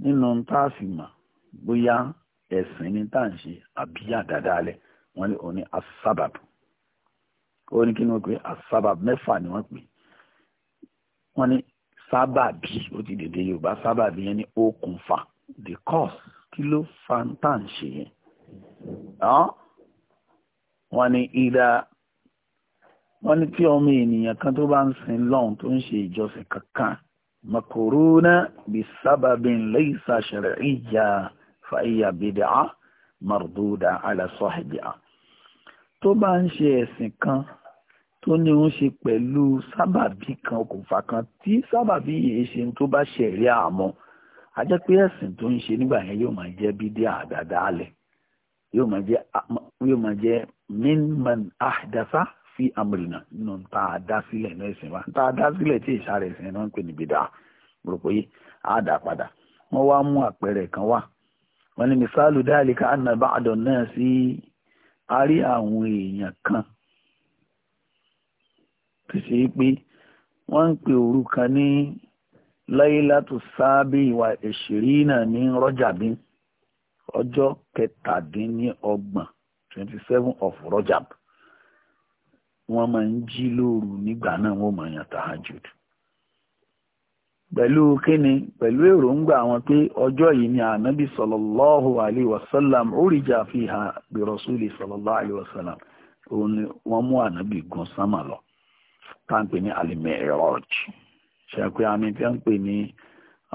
nínú tá a fi mọ̀ bóyá ẹ̀sìn ni tá à ń ṣe àbí àdádálẹ̀ wọ́n lè òní asábàbù ó ní kí ni wọ́n pè asábàbù mẹ́fà ni wọ́n pè wọ́n ní sábàbí ó ti dèdè yorùbá sábàbí yẹn ní okùnfà the cause kí ló fa ń tà ń ṣe yẹn wọ́n ní ìdá wọ́n ní tí ọmọ ènìyàn kan tó bá ń sin lọ́hùn tó ń ṣe ìjọsìn kankan makuruna bí sábàbin laysa shar'iyya fa iya bid'a marduda ala sahibiha tó bá ń ṣe ẹ̀sìn kan tó ní ń ṣe pẹ̀lú sábàbí kan okùnfà kan tí sábàbí yìí ṣe tó bá ṣẹ̀rí àmọ́ a jẹ́ pé ẹ̀sìn tó ń ṣe nígbà yẹn yóò máa jẹ́ bídíà àdàdàálẹ̀ yóò máa jẹ́ yóò máa jẹ́ minman ahdasa fi amrina nínú tá a dá sílẹ̀ ní ẹ̀sìn wa tá a dá sílẹ̀ tí ìṣàrẹ̀ ẹ̀sìn náà ń pè ní bídà rò pé a dà padà wọ́n wá mú àpẹẹrẹ kan wá wọ́n ní misalu dálíkà anna ba'dun náà sí. a rí àwọn èèyàn kan tó ṣe é pé wọ́n ń pe òru kan ní láílátù sáábì ìwà n'i ní rọ́jàbí ọjọ́ kẹtàdínníọgbọ̀n twenty seven of rọ́jàb wọ́n máa ń jí lóru nígbà náà wọ́n máa ha tàhájúdù pẹ̀lú kíni pẹ̀lú èròǹgbà wọn pé ọjọ́ yìí ni ànábì sallallahu alayhi wa sallam urija fiha bi rasuli sallallahu alayhi wa sallam òun ni wọ́n mú ànábì gun sánmà lọ táǹpẹ̀ ní al-mi'raj ṣẹ́kù àmì tí wọ́n ń pè ní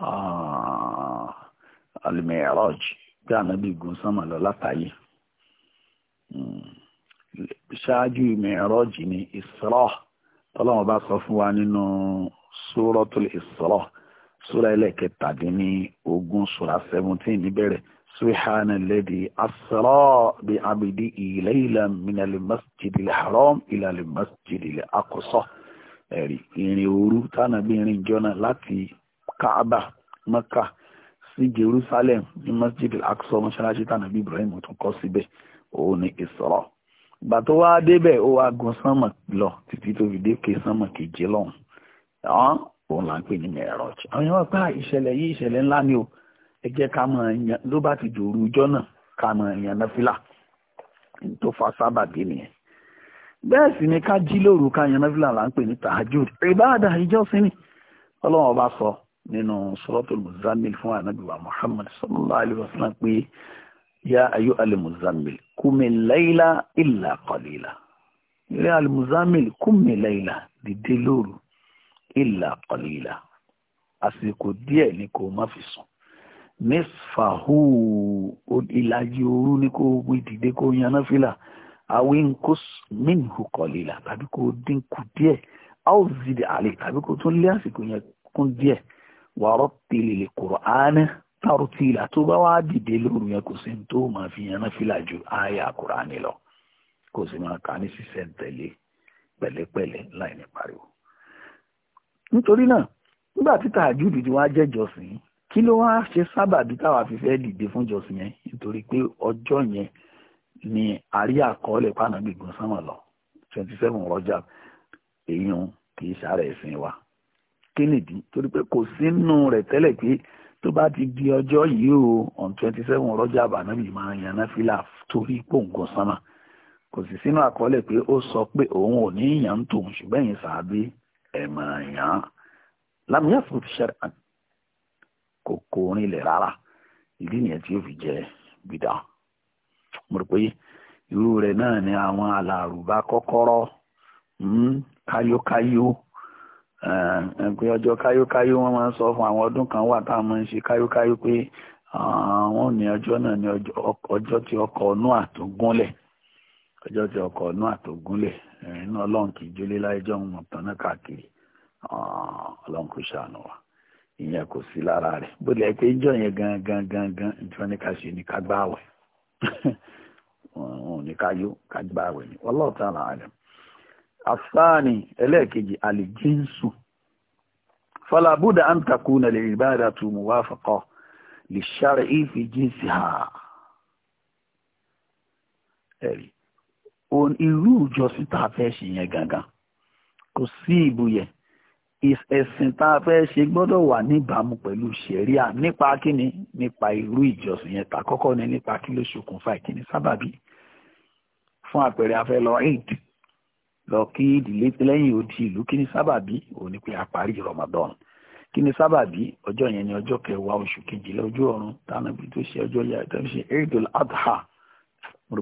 ah, al-mi'raj pé ànábì gun sánmà lọ látàyè hmm. ṣáájú mi'raj ni isra tọ́lọ́wọ́n bá sọ fún wa nínú suratul Isra sura ẹlẹ́kẹtàdínní ogún sura seventeen níbẹ̀rẹ̀ subhana alladhi asra bi abidi ilayla minal masjidil haram ilal masjidil aqsa ẹ̀rí ìrìn òru tánàbí ìrìn jọ́nà láti kaaba maka sí jerusalem ní masjid al-aqsa mọ́ṣáláṣí tánàbí ibrahim tún kọ́ síbẹ̀ òun ni Isra gbà tó wá débẹ̀ ó wá gun sánmà lọ títí tó fi dé ké sánmà keje lọ́hùn ọ́n òun là ń pè ní mẹ́rọ̀ọ̀jì àwọn èèyàn pa ìṣẹ̀lẹ̀ yìí ìṣẹ̀lẹ̀ ńlá ni o ẹ jẹ́ ká mọ̀ ẹ̀yàn ló bá ti dòru ọjọ́ náà ká mọ̀ ẹ̀yàn náfìlà tó fa sábàbí nìyẹn bẹ́ẹ̀ sì ni ká jí lóru ká yan náfìlà là ń pè ní tahajud ìbáàdà ìjọsìn ni ọlọ́run ọba sọ nínú suratul muzammil fún ànábì muhammad sallallahu alayhi wa sallam pé ya ayu ìlà kọ̀lìlà àsìkò díẹ̀ ni kò má fi sùn nífàhù ìlàjì òru ni kò wí dìde kò yan náfìlà àwínkùs mínú kọ̀lìlà tàbí kò dínkù díẹ̀ áòzìdì àlè tàbí kò tún lé àsìkò yẹn kún díẹ̀ wàárọ̀ tìlìlì kùránì tarutila tó bá wá dìde lóru yẹn kò sí tó máa fi yan náfìlà ju àyà kùránì lọ kò sì máa kà ní sísẹ̀ ń tẹ̀lé pẹ̀lẹ́pẹ̀lẹ́ láì ní pariwo nítorí náà nígbà tí tààjúdù tí wọ́n á jẹ́ jọ̀sìn kí ló wá ṣe sábàbí táwa fi fẹ́ dìde fún jọ̀sìn yẹn nítorí pé ọjọ́ yẹn ni àrí àkọọ́lẹ̀ pàánà gbígun sánmọ̀ lọ twenty seven Rajab èèyàn kì í sára ẹ̀sìn wa kí nìdí torí pé kò sínú rẹ̀ tẹ́lẹ̀ pé tó bá ti di ọjọ́ yìí o on twenty seven Rajab ànábì máa yan náfìlà torí pòǹgùn sánmọ̀ kò sì sínú àkọọ́lẹ̀ pé ó sọ pé òun ò ní ìyàn ń tòun ṣùgbẹ́yìn sàábé máa yàn án lamia fruit shar'an kò kò rinlẹ̀ rárá ìdí nìyẹn e tí ó fi jẹ pé irú rẹ̀ náà ni àwọn alàrùbá kọ́kọ́rọ́ hmm, káyókáyó eh, pé ọjọ́ káyókáyó wọ́n sọ fún kan ah, ọjọ́ náà ní ọjọ́ ọjọ́ tí ọkọ̀ inú àtògúnlẹ̀ inú ọlọ́run kì í jólé láìjọ́ ń mọ̀ tán náà káàkiri ah, ọlọ́run kò ṣàánú wa ìyẹn kò sí lára rẹ̀ bó lè pé ìjọ yẹn gan gan gan gan tí wọ́n ní ká ṣe ní ká gbá àwẹ̀ wọn ò ní ká yó ká gbá àwẹ̀ ni wallahu ta'ala alam asáàni ẹlẹ́ẹ̀kejì àlìjínsù falabuda an takuna lil ibadatu muwafaqa li shar'i fi jinsiha ẹ̀rí irú ìjọsìn tá a fẹ́ ṣe yẹn gangan kò sí ìbúyẹ ẹ̀sìn tá a fẹ́ ṣe gbọ́dọ̀ wà níbàámu pẹ̀lú ṣẹ̀ríà nípa kíni nípa irú ìjọsìn yẹn tà kọ́kọ́ ni nípa kí ló ṣokùnfà ìkíni sábàbí fún àpẹẹrẹ a fẹ́ lọ eid lọ kí ìdílé lẹ́yìn odi ìlú kíni sábàbí òun ni pé a parí Ramadan kíni sábàbí ọjọ́ yẹn ni ọjọ́ kẹwàá oṣù kejìlá ojú ọ̀run tánàbí tó ṣe ọjọ́ yàtọ̀ ṣe eid al-adha mo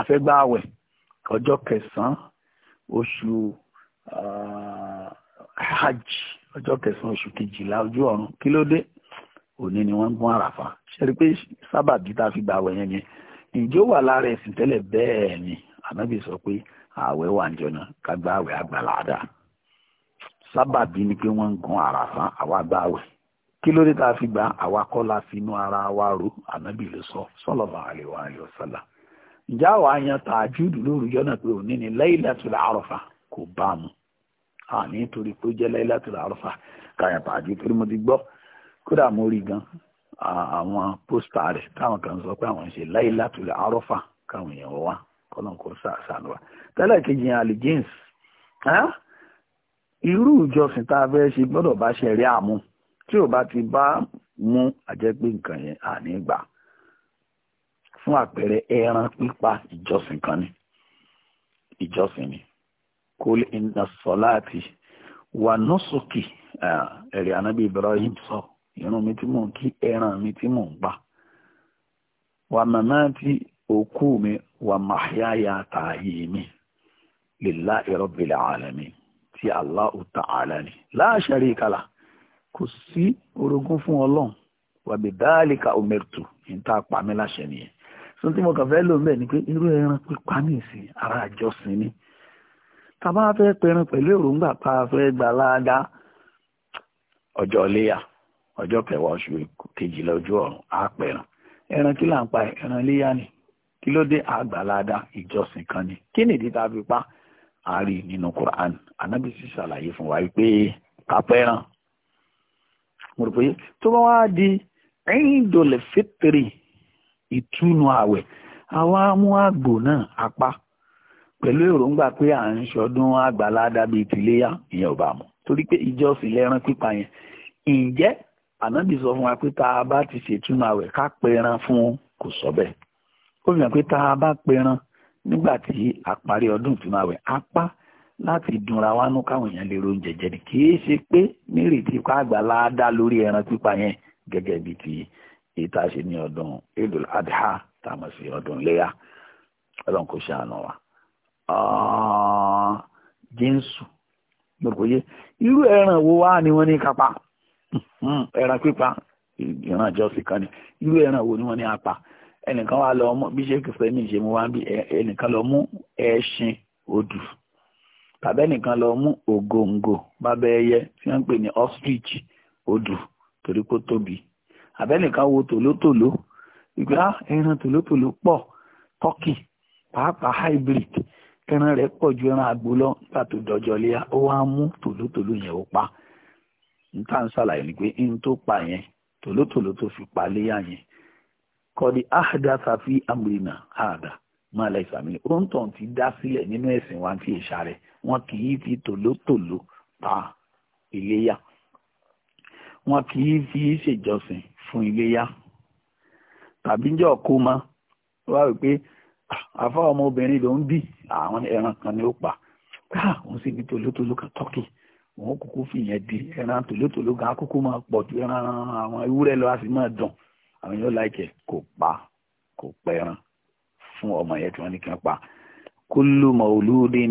afẹ́gbàwẹ̀ ọjọ́ kẹsàn-án oṣù ah, hajj ọjọ́ kẹsàn-án oṣù kejìlá ojú ọ̀run kí ló dé òní ni wọ́n ń gún àràfà ṣe rí pé sábàbí tá a fi gbàwẹ̀ yẹn yẹn ìjó wà lára ẹ̀sìn tẹ́lẹ̀ bẹ́ẹ̀ ni ànábì sọ pé ààwẹ̀ wà ń jọna ká gbàwẹ̀ àgbàládà sábàbí ni pé wọ́n ń gún àràfà àwa gbàwẹ̀ kí ló dé tá a fi gbà àwa kọ́ la fi inú ara wa rò ànábì ló sọ sallallahu alaihi wa alihi wasallam ǹjẹ́ àwa yan tàájúdù lóru yọ́nà pé òní ni Laylatul Arafa kò bá mu àní torí pé ó jẹ́ Laylatul Arafa káyà tàájú torí mo ti gbọ́ kódà mo rí gan àwọn pósítà rẹ̀ táwọn kan sọ pé àwọn ń ṣe Laylatul Arafa káwọn èèyàn wá kọ́nà kó sàánú wa tẹ́lẹ̀ kejì yẹn àlè james irú ìjọsìn tá a fẹ́ ṣe gbọ́dọ̀ bá ṣe rí àmú tí ò bá ti bá mú àjẹpé nǹkan yẹn àní gbà fún àpẹẹrẹ ẹran pípa ìjọsìn kan ni ìjọsìn ni kul inna salati wa nusuki ẹ̀rí anábì Ibrahim sọ irun mi tí mò ń kí ẹran mi tí mò ń pa wa mamati òkú mi wa mahyaya tààyè mi lillahi rabbil alamin tí Allahu ta'ala ni la sharika lah kò sí orogún fún ọlọ́run wàbí dáàlìkà omertu níta pàmí láṣẹ nìyẹn sọ tí mo kàn fẹ́ lò ń bẹ̀ ni pé irú ẹran pípa ní ìsìn ara àjọsìn ni tàbá fẹ́ pẹran pẹ̀lú èròǹgbà pa fẹ́ gbà láàdá ọjọ́ léyà ọjọ́ kẹwàá oṣù kejìlá ojú ọ̀run á pẹran ẹran kí là ń pa ẹran léyà ni kí ló dé àgbà láàdá ìjọsìn kan ni kí nìdí tá a fi pa á nínú Quran anábìsí ṣàlàyé fún wa wípé kápẹ́ràn mo rò pé tó bá wá di Eidul Fitri ìtúnu àwẹ̀ àwa mú àgbò náà apá pẹ̀lú èròǹgbà pé à ń ṣọdún àgbàlá dàbí ìtìléyà ìyẹn ò bá mu torí pé ìjọsìn lẹ́ran pípa yẹn ǹjẹ́ ànábì sọ fún wa pé tá a bá ti ṣètúnu àwẹ̀ ká pẹran fún kò sọ bẹ́ẹ̀ ó fi hàn pé tá a bá pẹran nígbà tí a ọdún ìtúnu àwẹ̀ apá láti dùnra wá nú káwọn èèyàn lè ro oúnjẹ jẹ ni kì í ṣe pé nírètí ká àgbàlá dá lórí ẹran pípa yẹn gẹ́gẹ́ bíi ti ìta ṣe ní ọdún Eidul Adha tàmọ̀ sí ọdún léyà ọlọ́run kò ṣàánú wa. Ah, jésù lórúkọyé irú ẹran wo wá ni wọ́n ní kápá hmm, ẹran pípa ìran ìjọsìn kan ni irú ẹran wo ni wọ́n ní apá ẹnìkan wá lọ bí ṣé kìfẹ́ ní ìṣe mu wá bí ẹnìkan lọ mú ẹṣin odù tàbẹ́nìkan lọ mú ògòǹgò bábẹ́ ẹyẹ tí wọ́n ń pè ní ostrich odù torí kó tóbi àbẹ́nìkan wo tòlótòló ìgbà ah, ẹran tòlótòló pọ̀ turkey pàápàá hybrid ẹran rẹ̀ pọ̀ ju ẹran àgbo lọ nígbà tó dọjọ́ léa ó wá mú tòlótòló yẹn ó pa ṣàlàyé ni pé pa yẹn tòlótòló tó fi pa léyà yẹn kọ́ni safi máa lẹ́sàmì ó ń tàn ti dá sílẹ̀ nínú ẹ̀sìn wa ti ìṣàrẹ̀ wọn kì í fi tòlótòló pa iléyá wọn kì í fi ṣèjọsìn fún iléyá tàbí ń jọ kó mọ wá wí pé àfa ọmọbìnrin ló ń bì àwọn ẹran kan ni ó pa ah, òun sì ní tòlótòló kan tọ́kì òun kúkú fìyẹn di ẹran tòlótòló kan kúkú máa pọ̀ ju ẹran àwọn ewúrẹ́ lọ a sì máa dùn àwọn yóò láìkẹ̀ kò pa kò pẹran fún ọmọ yẹn tí wọ́n ní kí wọ́n pa kúlù mọ̀ọ́lúdín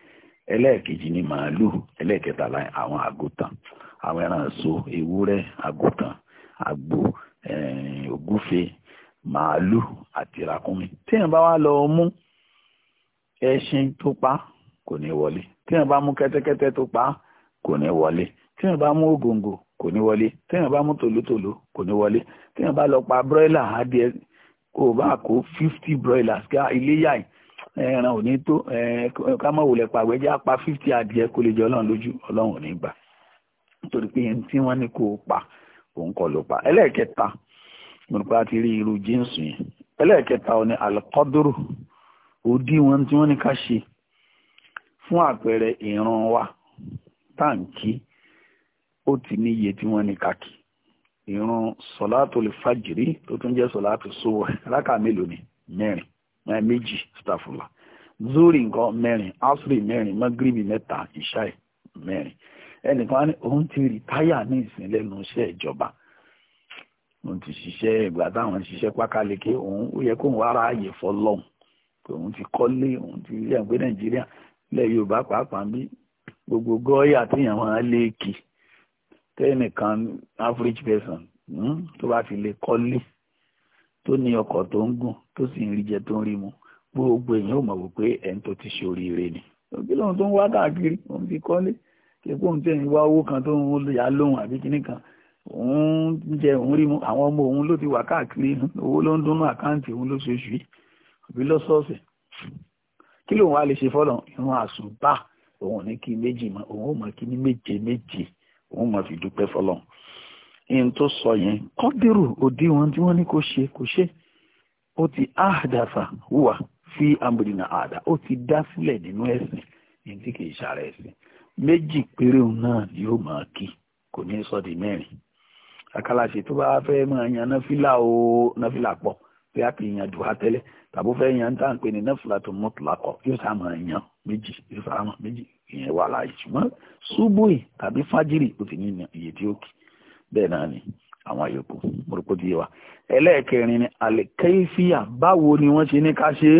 ẹlẹ́ẹ̀kejì ni màálù ẹlẹ́ẹ̀kẹta àwọn àgùntàn àwọn ẹran àṣọ ewúrẹ́ àgùntàn àgbò eh, ògúfe màálù àti ràkúnmí téèyàn bá wá lọ mú ẹṣin tó pa kò ní wọlé téèyàn bá mú kẹ́tẹ́kẹ́tẹ́ tó pa kò ní wọlé téèyàn bá mú ògòǹgò kò ní wọlé téèyàn bá mú tòlótòló kò ní wọlé téèyàn bá lọ pa bróìlà adìẹ kò bá kó fifty broilers sí iléyà yìí ẹran ò ní tó ká mọ̀ wò lẹ̀ jẹ́ apá fifty adìẹ kó lè jẹ ọlọ́run lójú ọlọ́run ò ní gbà nítorí pé ẹni tí wọ́n ní kó o pa òun kọ́ ló pa ẹlẹ́ẹ̀kẹta mo ní pa ti rí irú jíǹsì yẹn ẹlẹ́ẹ̀kẹta ò ní alikọ́dúró òdiwọ̀n tí wọ́n ní ká ṣe fún àpẹẹrẹ ìran wa táǹkì ó ti níye tí wọ́n ní kàkì ìran sọ̀látò lè fàjìrí tó tún jẹ́ sọ̀látò sówọ́ rákà ni mẹ́rin Eh, méjì staffula zuri nǹkan mẹ́rin asri mẹ́rin magribi mẹ́ta ìṣáì mẹ́rin ẹnìkan á ní òun ti rìtáyà ní ìsìn lẹ́nu iṣẹ́ ìjọba òun ti ṣiṣẹ́ ìgbà táwọn ń ṣiṣẹ́ pákáleke òun ó yẹ kóun wára ààyè fọlọ́hún pé òun ti kọ́lé òun ti rí àgbẹ̀ nàìjíríà ilẹ̀ yorùbá pàápàá bí gbogbo gọ́ọ̀yà téèyàn máa lé kì tẹ́nìkan average person hmm, tó bá ti lè kọ́lé tó ní ọkọ̀ tó ń gùn tó sì ń rí jẹ tó ń rí mu gbogbo èèyàn ò mọ̀ wò pé ẹni tó ti ṣe oríire ni. òbí lòun tó ń wá káàkiri òun fi kọ́lé kéèkó òun tẹ̀yìn wá owó kan tó ń yá lóhùn àbí kinní kan òun ń jẹ òun rí mu àwọn ọmọ òun ló ti wà káàkiri owó ló ń dúnú àkáǹtì òun lóṣooṣù yìí òbí lọ́sọ̀ọ̀sẹ̀ kí lòun wá lè ṣe fọ́lọ̀ ìrun àsùbá òun ò ní kí méjì mọ́ òun ò mọ̀ kí ní méje méje òun mọ̀ fi dúpẹ́ fọ́lọ́run in tó sọ yẹn kọ́dírù òdiwọ̀n tí wọ́n ní kó ṣe kó ṣe ó ti áhàdàfà hùwà fi amòdìnà àdá ó ti dá sílẹ̀ nínú ẹ̀sìn ní tí kìí ṣàrẹ̀ ẹ̀sìn méjì péré náà ni yóò máa kí kò ní sọ di mẹ́rin àkàlàṣe tó bá fẹ́ máa yan náfìlà o náfìlà pọ̀ pé a kì í yan dùhà tẹ́lẹ̀ tàbó fẹ́ yan tá à ń pè ní náfìlà tó mú tùlákọ̀ yóò sá máa yan méjì yóò sá máa méjì ìyẹn wà láàyè ṣùgbọ́n ṣubúì tàbí fájírì ó ti ní iye tí ó kì í bẹ́ẹ̀ náà ni àwọn yòókù mọ̀rọ̀kọ́ ti yé wa ẹlẹ́ẹ̀kẹrin ni àlẹ́kẹ́fíà báwo ni wọ́n ṣe ní ká ṣe é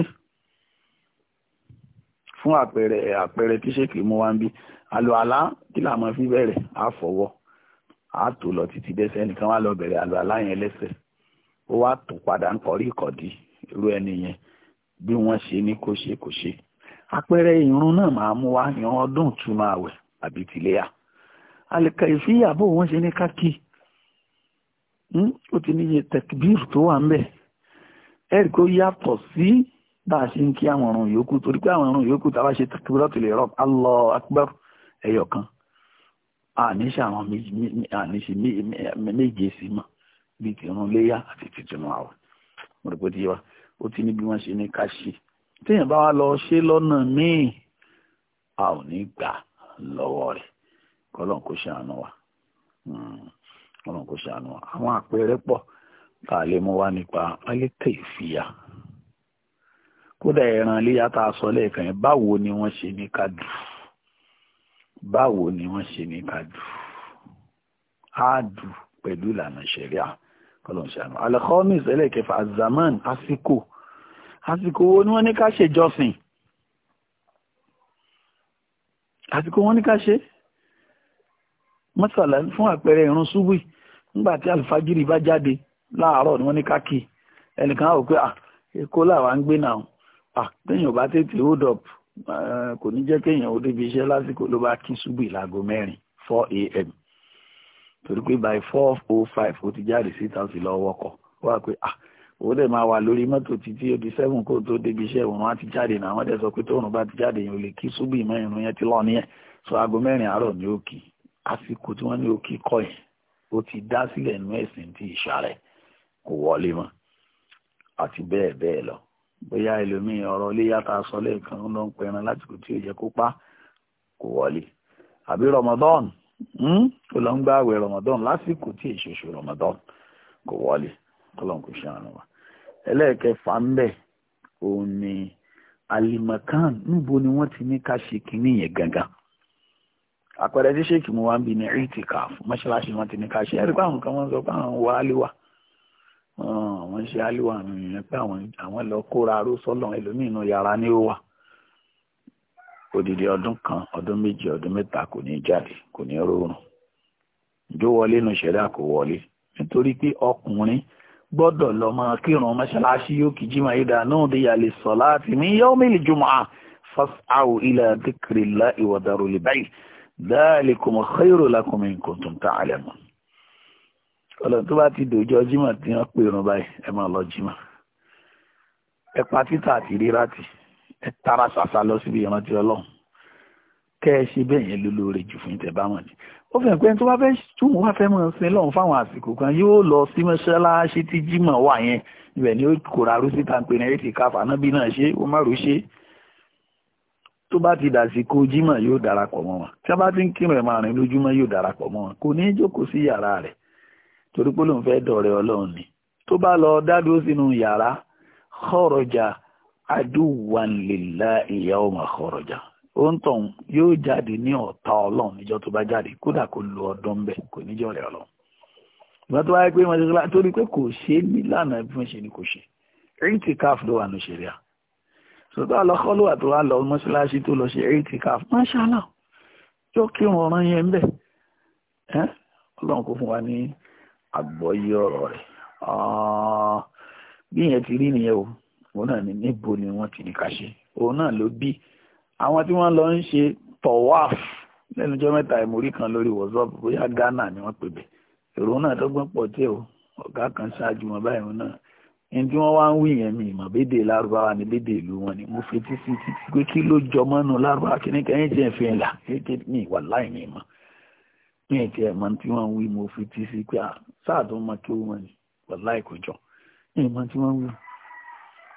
fún àpẹẹrẹ àpẹẹrẹ tí ṣèkì mú wa ń bí àlùalá kí la máa fi bẹ̀rẹ̀ á fọwọ́ á tò lọ títí dẹ́sẹ̀ ẹnìkan wá lọ bẹ̀rẹ̀ àlùalá yẹn lẹ́sẹ̀ ó wá tò padà ń kọrí ìkọ̀dí irú ẹni yẹn bí wọ́n ṣe ní kó ṣe kó ṣe àpẹẹrẹ ìrun náà máa mú wa ìrun ọdún túmọ̀ àwẹ̀ àbí tìléyà àlìkà ìfíyà bó wọ́n ṣe ní káàkì hmm? ó ti níye tẹ̀kbír tó wà ń bẹ̀ ẹ̀rì kó yàtọ̀ sí bá a ṣe ń kí àwọn ọ̀run yòókù torí pé àwọn ọ̀run yòókù tá a bá ṣe takbiratul ihram Allahu akbar ẹ̀yọ̀ kan àníṣe àwọn àníṣe méje sí mọ́ bíi tìrún léyà àti tìtùnú àwọ̀ mo rò pé ti wá ó ti ní bí ṣe ní ká téèyàn bá wá lọ ṣe lọ́nà míì a ò ní gbà lọ́wọ́ rẹ̀ kọ́lọ́n kò ṣàánú wa hmm. kọ́lọ́n kò ṣàánú wa àwọn àpẹẹrẹ pọ̀ tá a lè mú wá nípa alẹ́kẹ̀ ìfìyà kódà ẹran iléyà tá a sọ lẹ́ẹ̀kan yẹn báwo ni wọ́n ṣe ní ká dù báwo ni wọ́n ṣe ní ká dù á dù pẹ̀lú ìlànà ṣẹ̀ríà kọ́lọ́n ṣàánú alẹ́kọ́mìs ẹlẹ́kẹfà azaman àsìkò àsìkò wo ni wọ́n ní ká ṣèjọsìn àsìkò wọ́n ní ká ṣe mọ́sàlá fún àpẹẹrẹ ìrun ṣubú nígbà tí alifájírì bá jáde láàárọ̀ ni wọ́n ní káàkì ẹnìkan á wò pé èkó làwa ń gbé náà téèyàn bá tètè hold up kò ní jẹ́ kéèyàn ó débi iṣẹ́ lásìkò ló bá kí ṣubú ìlàgò mẹ́rin four a.m. torí pé by four oh five ó ti jáde síta sí lọ wọkọ̀ wá pé òun dẹ̀ máa wà lórí mọ́tò títí ó di seven kó tó débi iṣẹ́ òun á ti jáde náà wọ́n dẹ̀ sọ pé tóun bá ti jáde yẹn ò lè kí ṣubú ìmọ̀ yẹn ti lọ nìyẹn so aago mẹ́rin àárọ̀ ni ó kì í àsìkò tí wọ́n ní òkè kọ́ yìí ó ti dá sílẹ̀ nínú ẹ̀sìn tí ìṣàrẹ̀ kò wọlé mọ́ àti bẹ́ẹ̀ bẹ́ẹ̀ lọ bóyá ẹlòmíì ọ̀rọ̀ iléyàtà sọ lẹ́ẹ̀kan ló ń pẹran lásìkò tí ó yẹ kó pa kò wọlé àbí Ramadan hmm? ó lọ ń gba àwẹ̀ Ramadan lásìkò tí èṣoṣo Ramadan kò wọlé kọlọ́n kò ṣàánú wa ẹlẹ́ẹ̀kẹfà ń bẹ̀ òun ni alimakan níbo ni wọ́n ti ní ká ṣe kinní yẹn gangan àpẹẹrẹ tí sheik mu wa ń bi ní itikaf mọ́ṣáláṣí wọn ti ní ká ṣe ẹ̀rí pé àwọn kan wọ́n sọ pé àwọn wà áliwà wọ́n ṣe áliwà nìyẹn pé àwọn lọ kóra aró sọ́lọ̀ ẹlòmíín nu yàrá ni ó wà odidi ọdún kan ọdún méjì ọdún mẹ́ta kò ní jáde kò ní rọrùn ìjó wọlé nu ṣẹ̀dá kò wọlé nítorí pé ọkùnrin gbọ́dọ̀ lọ máa kírun mọ́ṣáláṣí yóò kí jimá yìí dáa náà déyà lè sọ láti ní yọ́mìlì jùmọ̀ fas'au ila dhikrillahi wa darul bay' dhalikum khairu lakum in kuntum ta'lamun ọlọ́run tó bá ti dòjọ́ jímọ̀ tí wọ́n pè rún báyìí ẹ máa lọ jímọ̀ ẹ pa títà àti rírà tì ẹ tara ṣàṣà lọ síbi ìrántí ọlọ́run kẹ́ ẹ ṣe bẹ́ẹ̀ yẹn lólóore jù fún ìtẹ̀bá mọ̀ ni ó fi hàn pé tó bá fẹ́ túmù wá fẹ́ mọ̀ sí lọ́run fáwọn àsìkò kan yóò lọ sí mọ́ṣáláṣí tí jímọ̀ wà yẹn ibẹ̀ ni ó kóra síta ń ní ètì tó bá ti dàsìkò jímọ̀ yóò darapọ̀ mọ́ wọn tí wọ́n bá ti ń kírun ẹ̀ márùn lójúmọ́ yóò darapọ̀ mọ́ wọn kò ní í jókòó sí yàrá rẹ̀ torí pé lòun fẹ́ dọ̀rẹ́ ọlọ́run ni tó bá lọ dádúró sínú yàrá kọ́rọ̀jà adúwanlélá ìyá ọmọ kọ́rọ̀jà ó ń tàn yóò jáde ní ọ̀tá ọlọ́run níjọ́ tó bá jáde kódà kó lo ọdún bẹ́ẹ̀ kò níjọ́ rẹ̀ ọlọ́run ìgbà tó wáyé sọ̀tọ́ àlọ́kọ́lù àti wà lọ mọ́ṣáláṣí tó lọ ṣe eight caf máṣálà yóò kí wọn rán yẹn bẹ̀ ẹ́ ọlọ́run kò fún wa ní àgbọ́yé ọ̀rọ̀ rẹ̀ ah, bí yẹn ti rí nìyẹn o òun náà ní níbo ni wọ́n ti ní ká ṣe òun náà ló bí àwọn tí wọ́n lọ ń ṣe tọ̀wáf lẹ́nu jọ́ mẹ́ta ìmórí kan lórí wọ́sọ́ọ̀p bóyá Ghana ni wọ́n pè bẹ̀ èrò náà dọ́gbọ́n pọ̀ tẹ́ o ọ̀gá kan ṣáájú wọn báyìí náà ẹni tí wọ́n wá ń wí yẹn mi ìmọ̀ bédè lárúbáwá ni bédè ìlú wọn ni mo fetí sí títí pé kí ló jọ mọ́nu lárúbáwá kí ní kẹ́yìn jẹ́ ìfẹ́ ńlá kéèké ní ìwà láì ní ìmọ̀ ní ẹ̀jẹ̀ ẹ̀mọ́ tí wọ́n wí mo fetí sí pé ah, sáàdùn mọ́ kí wọ́n ní ìwà láì kò jọ ní ìmọ̀ tí wọ́n wí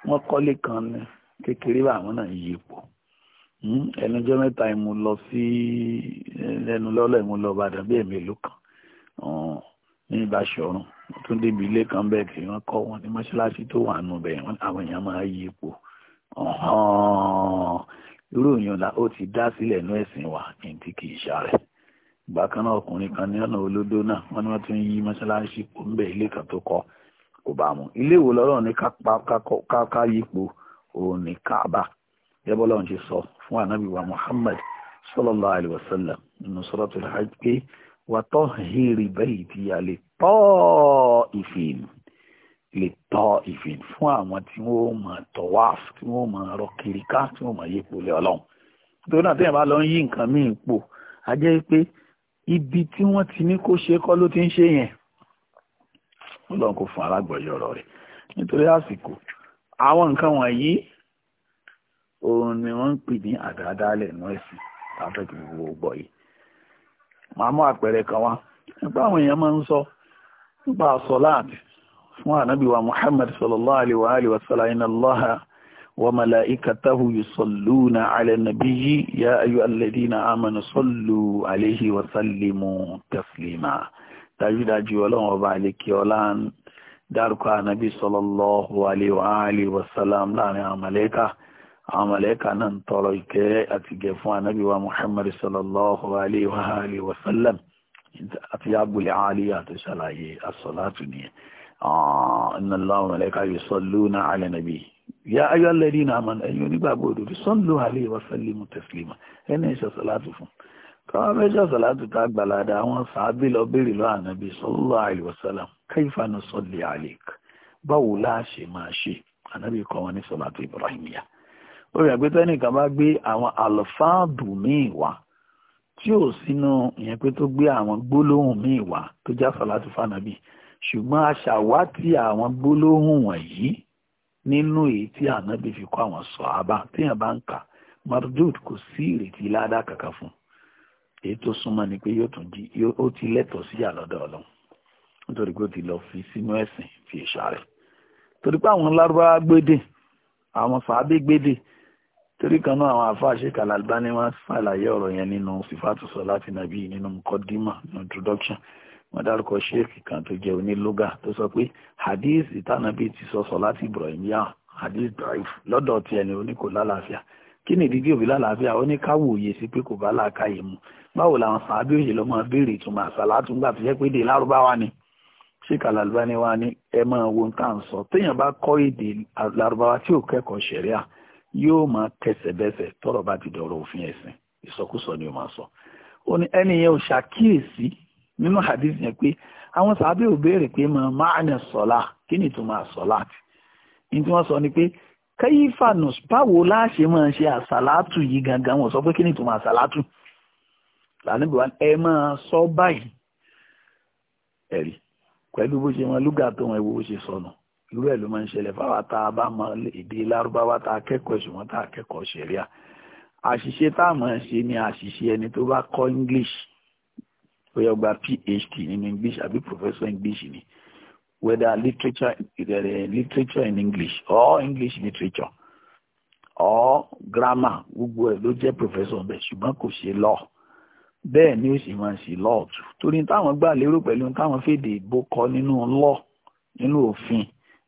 wọ́n kọ́lé kan ní kékeré báwọn náà yí ipò hmm, ẹnujọ́ mẹ́ta mo lọ sí ẹnu lọ́lọ́ mo lọ tún débi ilé kan bẹ tí wọ́n kọ wọn ní mọ́ṣáláṣí tó wà nù bẹ wọ́n àwọn èèyàn máa yí ipò irú la ó ti dá sílẹ̀ ní ẹ̀sìn wa ní kì í ṣàrẹ̀ ọkùnrin kan ní ọ̀nà olódó náà wọn ni wọn tún yí mọ́ṣáláṣí pò ń kan tó kọ kò bá mu ilé ìwò lọ́rọ̀ ní ká òun sọ fún ànábì wa Muhammad sallallahu alaihi wasallam nínú pé wàtọ́ tọ́ ìfìn lè tọ́ ìfìn fún àwọn tí wọ́n mọ̀ tọ́wáf tí wọ́n mọ̀ ọ̀rọ̀ kiri ká tí wọ́n mọ̀ yípo lé ọlọ́run nítorí náà tẹ́yìn bá lọ ń yí nǹkan míì pò á jẹ́ pé ibi tí wọ́n ti ní kó ṣe kọ́ ló ti ń ṣe yẹn ọlọ́run kò fún alágbọ̀yọ̀ ọ̀rọ̀ rẹ̀ nítorí àsìkò àwọn nǹkan wọ̀nyí òun ni wọ́n ń pè ní àdáadáalẹ̀ nù ẹ̀sìn tàbí gbogbo gbọ̀ yìí màá mú àpẹẹrẹ kan wá nípa àwọn èèyàn máa ń sọ nípa sọ́láàtì fún ànábì wa muhammad sallallahu alaihi wa alihi wa sallam inna allaha wa malaikatahu yusalluna ala nabiyyi ya ayyuhal ladina amanu sallu alaihi wa sallimu taslima dájúdájú ọlọ́run ọba àlekí ọlá ń dárúkọ ànábì sallallahu alaihi wa alihi wa sallam láàrin àwọn màlẹ́kà àwọn màlẹ́kà náà ń tọrọ ìkẹ́ àtìgẹ̀ fún ànábì wa muhammad sallallahu alaihi wa wa àti abúlé àlíyà tó ṣàlàyé asọ́látù nìyẹn ah, inna Allaha wa malaikatahu yusalluna ala nabi ya ayyuhalladhina amanu ẹ̀yin onígbàgbọ́ òdodo sallu alayhi wa sallimu taslima ẹni ẹ̀ṣẹ̀ sọ́látù fún káwọn mẹ́ṣẹ̀ sọ́látù tá gbàládà àwọn sàábì lọ béèrè lọ ànábì sallallahu alayhi wa sallam kayfa nusalli alayk báwo láàṣẹ máa ṣe ànábì kọ́ wọn ní sọ́látù ibrahimiya ó rí àgbétẹ́nìkan bá gbé àwọn àlùfáàdù míì wá tí ò sínú ìyẹn pé tó gbé àwọn gbólóhùn míì wá tó já sàlátù fànàbì ṣùgbọ́n a ṣàwátì àwọn gbólóhùn wọ̀nyí nínú èyí tí ànábì fi kọ́ àwọn sọ̀hábà téèyàn bá ń kà mardud kò sí ìrètí ládàá kankan fún èyí tó súnmọ́ ni pé yóò tún jí ó ti lẹ́tọ̀ọ́ sí àlọ́dọ̀ ọlọ́run nítorí pé ó ti lọ fi sínú ẹ̀sìn fi ìṣàrẹ̀ torí pé àwọn lárúbáwá gbédè àwọn sàábé gbédè torí kan náà àwọn àfáà Sheikh Al-Albani wọ́n ṣàlàyé ọ̀rọ̀ yẹn nínú sifatu salati nabi nínú mukaddima introduction wọ́n dárúkọ sheik kan tó jẹ́ onílógà tó sọ pé hadith ìtànàbí ti sọ salati Ibrahim yá hadith daif lọ́dọ̀ tiẹ̀ ni oní kò lálàáfíà kí ni ìdíjí òbí lálàáfíà ó ní káwò òye sí pé kò bá làákàyè mu báwo làwọn sàábí òye ló máa béèrè ìtumọ̀ àsàlátù ńgbà tó jẹ́ pé èdè lárúbáwá ni Sheikh Al-Albani wa ni ẹ máa wo nǹkan sọ téèyàn bá kọ́ èdè lárúbáwá tí ò kẹ́kọ̀ọ́ ṣẹ̀ríà yóò máa tẹsẹ̀bẹsẹ̀ tọ́rọ̀ bá ti dọ̀rọ̀ òfin ẹ̀sìn ìsọkúsọ ni ó máa sọ ó ní ẹni yẹn ò ṣàkíyèsí nínú hadith yẹn pé àwọn sàábẹ́ ò béèrè pé máa máa ní sọlá kí ni ìtumọ̀ sọlá ti ní tí wọ́n sọ ni pé kẹ́yífànùs báwo láṣẹ máa ṣe àsàlátù yìí gangan wọ́n sọ pé kí ni ìtumọ̀ àsàlátù lànàbí wa ẹ máa sọ báyìí ẹ̀rí pẹ̀lú bó ṣe wọn lúgà tó wọn ewu bó ṣe sọnù irú ẹ̀ ló máa ń ṣẹlẹ̀ fáwa tá a bá mọ èdè lárúbáwá tá a kẹ́kọ̀ọ́ ṣùgbọ́n tá a kẹ́kọ̀ọ́ ṣẹ̀ríà àṣìṣe tá a mọ̀ ṣe ni àṣìṣe ẹni tó bá kọ́ english ó yọ gba phd nínú english àbí professor english ni whether literature eh, literature in english or english literature or grammar gbogbo ẹ̀ ló jẹ́ professor bẹ́ẹ̀ ṣùgbọ́n kò ṣe law bẹ́ẹ̀ ni ó sì máa ṣe law tù torí táwọn gbà lérò pẹ̀lú táwọn fèdè ìbò kọ nínú law nínú òfin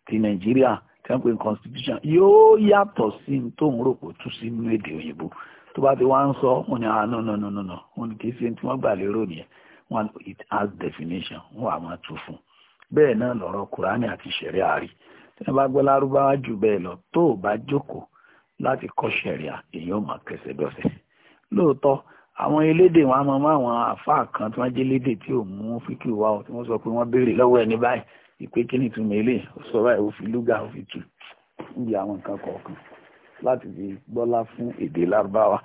ti nàìjíríà tí wọ́n pè ní constitution yóò yàtọ̀ sí ní tó ń rò pò tú sí nínú èdè òyìnbó tó bá ti wá ń sọ wọ́n ní ah no no no no no wọ́n ní kì í ṣe tí wọ́n gbà lérò nìyẹn wọ́n it has definition wọ́n á máa tú fún bẹ́ẹ̀ náà lọ́rọ̀ kùránì àti ṣẹ̀rí àárí tí wọ́n bá gbọ́ lárúbáwá jù bẹ́ẹ̀ lọ tó o bá jókòó láti kọ́ ṣẹ̀ríà èyí ò máa kẹsẹ̀ bọ́sẹ̀ lóòótọ́ àwọn elédè wọn a máa máa àwọn àfáà kan tí wọ́n jẹ́ lédè tí ò mú fíkì wá ọ tí wọ́n sọ pé wọ́n béèrè lọ́wọ́ ẹni báyìí ìpé kí ni ìtumọ̀ ilé sọ́ra ẹ̀ ó fi lúgà ó fi tù níbi àwọn nǹkan kọ̀ọ̀kan láti fi gbọ́lá fún èdè lárúbáwá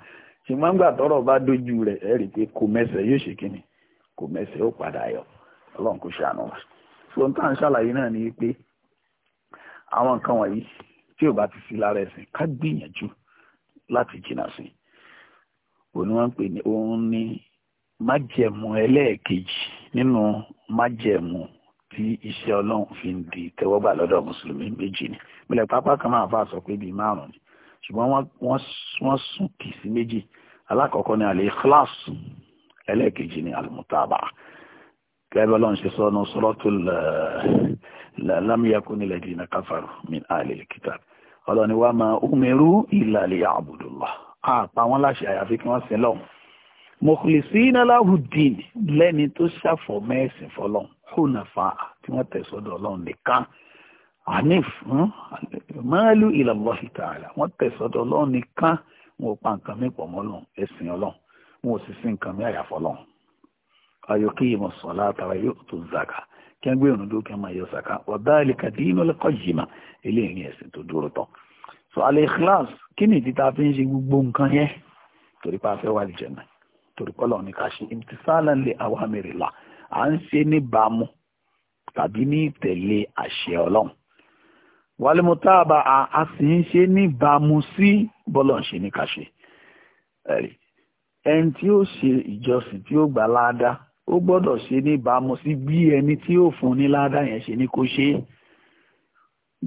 ṣùgbọ́n nígbà tọ́rọ̀ bá dójú rẹ̀ ẹ̀ rí i pé kò mẹ́sẹ̀ yóò ṣe kí ni kò mẹ́sẹ̀ ó padà yọ ọlọ́run kò ṣàánú wa ṣùgbọ́n tá à ń ṣàlàyé náà ni pé àwọn nǹkan wọ̀nyí tí ò bá ti sí lára ẹ̀sìn ká gbìyànjú láti jìnnà sí òun ni wọ́n ń pè ní òun ni májẹ̀mú ẹlẹ́ẹ̀kejì nínú májẹ̀mú tí iṣẹ́ ọlọ́run fi ń di tẹ́wọ́gbà lọ́dọ̀ mùsùlùmí méjì ni ìpìlẹ̀ pápá kan máa fà sọ pé bíi márùn ni ṣùgbọ́n wọ́n sún kì sí méjì alákọ̀ọ́kọ́ ni al-ikhlas ẹlẹ́ẹ̀kejì ni al-mutaba gẹ́gẹ́ ọlọ́run ṣe sọ́nu suratul lam yakuni ladina kafaru min ahlil kitab ọlọ́run ni wa ma umiru illa liya'budullah àpá wọn láṣẹ àyàfi kí wọ́n sin lọ́hùn mukhlisina lahu ddin lẹ́ni tó ṣàfọ̀ mẹ́sìn fọlọ́hùn hùnàfà tí wọ́n tẹ̀sọ́dọ̀ ọlọ́run nìkan hanif mọ́ẹ́lú hmm? ilallahi ta'ala wọ́n tẹ̀sọ́dọ̀ ọlọ́run nìkan wọn ò pa nǹkan mi pọ̀ mọ́lọ́run ẹ̀sìn ọlọ́run wọn ò sì sin nǹkan mi àyàfọ́ ọlọ́run ayọ̀kí ìmọ̀ sọ̀lá àtàrà yóò tó zaka kí wọ́n gbé ìrùn dókè máa yọ zaka wadhalika dinul qayyima eléyìí ní ẹ̀sìn tó dúró tán so al kí ni ìdí tá a fi ń ṣe gbogbo nǹkan yẹn torí pa afẹ́ wà lìjẹ̀nà à ń ṣe níbàámu tàbí ní ìtẹ̀lé àṣẹ ọlọ́run wàlímùtáàbà a sì ń ṣe níbàámu sí bọ́lọ̀ ń ṣe ní kàṣe ẹni tí ó ṣe ìjọsìn tí ó gbà ládàá ó gbọ́dọ̀ ṣe níbàámu sí bí ẹni tí ó fún ní ládàá yẹn ṣe ní kó ṣe é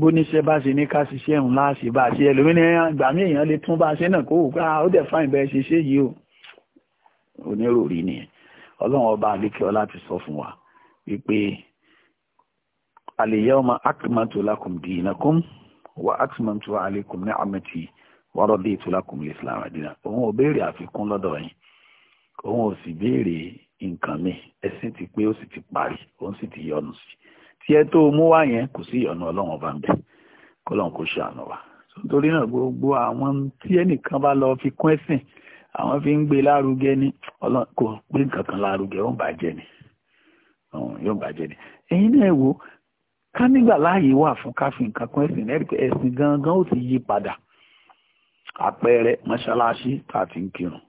bóníṣẹ́ bá ṣe ní ká ṣiṣẹ́ òun láṣẹ bá ṣe ẹlòmínì ìgbà mí èèyàn lè tún bá ṣe náà kó wù pé ah, ó dẹ̀ fáìn bẹ́ẹ̀ ṣe ṣe yìí o onírúurú nìyẹn ọlọ́run ọba àlékè ọlá ti sọ fún wa wípé al-yawma akmaltu lakum dinakum wa atmamtu alaykum ni'mati wa raditu lakum al-islam dinan òun ò béèrè àfikún lọ́dọ̀ yín òun ò sì béèrè nǹkan mi ẹ̀sìn ti pé ó sì ti parí òun sì ti yọ́nú sí tí ẹ tó mú wá yẹn kò sí ìyọ́nú ọlọ́run ọba ń bẹ kọ́lọ́run kò ṣàánú wa nítorí náà gbogbo àwọn tí ẹnìkan bá lọ fi kún ẹ̀sìn àwọn fi ń gbé lárugẹ ní kò pé nǹkankan lárugẹ ó bàjẹ́ ni yóò bàjẹ́ ni ẹ̀yin náà wò ká nígbà láàyè wà fún káfí nǹkan kan ẹ̀sìn ẹ̀rí pé ẹ̀sìn gangan ó ti yí padà àpẹẹrẹ mọ́ṣáláṣí tá a ti ń kírun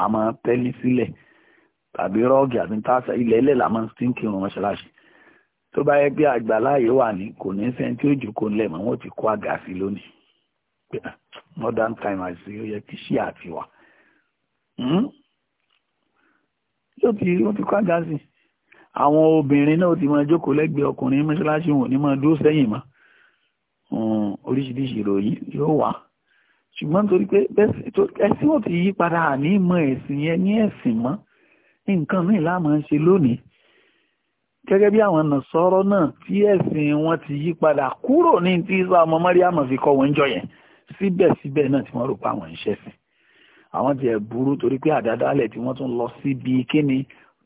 a máa tẹ́lí sílẹ̀ tàbí rọ́ọ̀gì àti tásà ilẹ̀ ilẹ̀ la máa ti ń kírun mọ́ṣáláṣí tó bá yẹ pé àgbà láàyè wà ní kò ní sẹ́ni tí ó jòkó lẹ̀ mọ́ wọ́n ti kó àgà sí lónìí ah, modern time àti ó yẹ kí ṣí àti wà Hmm? yóò ti wọ́n ti kọ́ àga sí àwọn obìnrin náà ti máa jókòó lẹ́gbẹ̀ẹ́ ọkùnrin mọ́ṣáláṣí wọn ní máa dúró sẹ́yìn mọ́ hmm, oríṣiríṣi ìròyìn yóò wá ṣùgbọ́n torí pé ẹ̀sìn ò ti yí padà àní mọ ẹ̀sìn yẹn ní ẹ̀sìn mọ́ nǹkan míì la máa ń ṣe lónìí gẹ́gẹ́ bí àwọn nàṣọ́rọ́ náà tí ẹ̀sìn wọn ti yí padà kúrò ní tí Ìsá ọmọ Màríàmù fi kọ́ wọn jọ síbẹ̀síbẹ̀ náà tí wọ́n rò pé àwọn ń ṣẹ̀sìn àwọn tiẹ̀ burú torí pé àdádálẹ̀ tí wọ́n tún lọ síbi kíni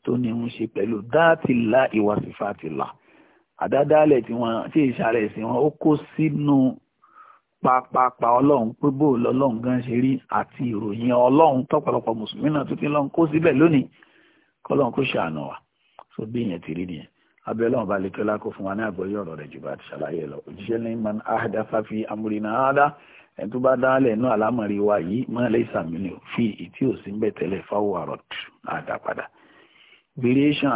tó ní ń ṣe pẹ̀lú dáàtìlá ìwàsífàtìlá àdádálẹ̀ tí wọ́n tí ìṣàrẹ̀ sí wọn ó kó sínú pápápá ọlọ́run pé bó lọ́lọ́run gan ṣe rí àti ìròyìn ọlọ́run tọ́pọ̀lọpọ̀ mùsùlùmí náà tó ti lọ́n kó síbẹ̀ lónìí kọ́lọ́run kó ṣàánú wa tó bí ìyẹn ti rí nìyẹn abẹ́ ọlọ́run bá lè kí kó fún wa ní àgbọ́yé ọ̀rọ̀ rẹ̀ jù bá ti ṣàlàyé lọ òjíṣẹ́ ní man ahdafa fi amúrinà áádá ẹni tó bá n'ala náà àlámọ̀rí wa yìí mọ́lẹ̀ ìsàmìlẹ̀ fi ìtí ò sí ń tẹ́lẹ̀ fáwọ́ ati àdápadà variation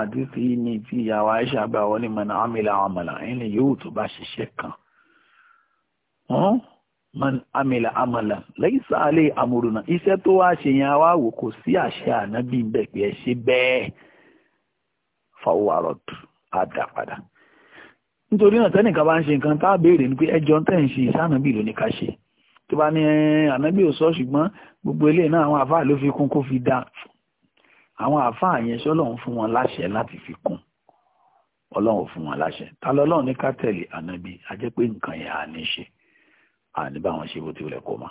ni ti ìyàwó Aisha bá n'i mọ̀nà amila amala ẹni yóò tó bá ṣiṣẹ́ kan man amílà lẹ́yìn sáálẹ̀ amúrúnà iṣẹ́ tó wá ṣe yẹn wá wò kò sí àṣẹ ànábì bẹ́ẹ̀ pé ẹ ṣe bẹ́ẹ̀ fáwọ́ àrọ̀ nítorí náà tẹ́nìkan bá ń ṣe nǹkan tá a béèrè ni tó bá ní eh, ànábì ò sọ ṣùgbọ́n gbogbo eléyìí náà àwọn àfáà ló fi kún kó fi dá àwọn àfáà yẹn ṣọlọ́run fún wọn láṣẹ láti fi kún ọlọ́run fún wọn láṣẹ ta lọ́lọ́run ní ká ànábì a pé nǹkan yẹn à ní ṣe à ní bá wọn ṣe bó ti wọlé kó ma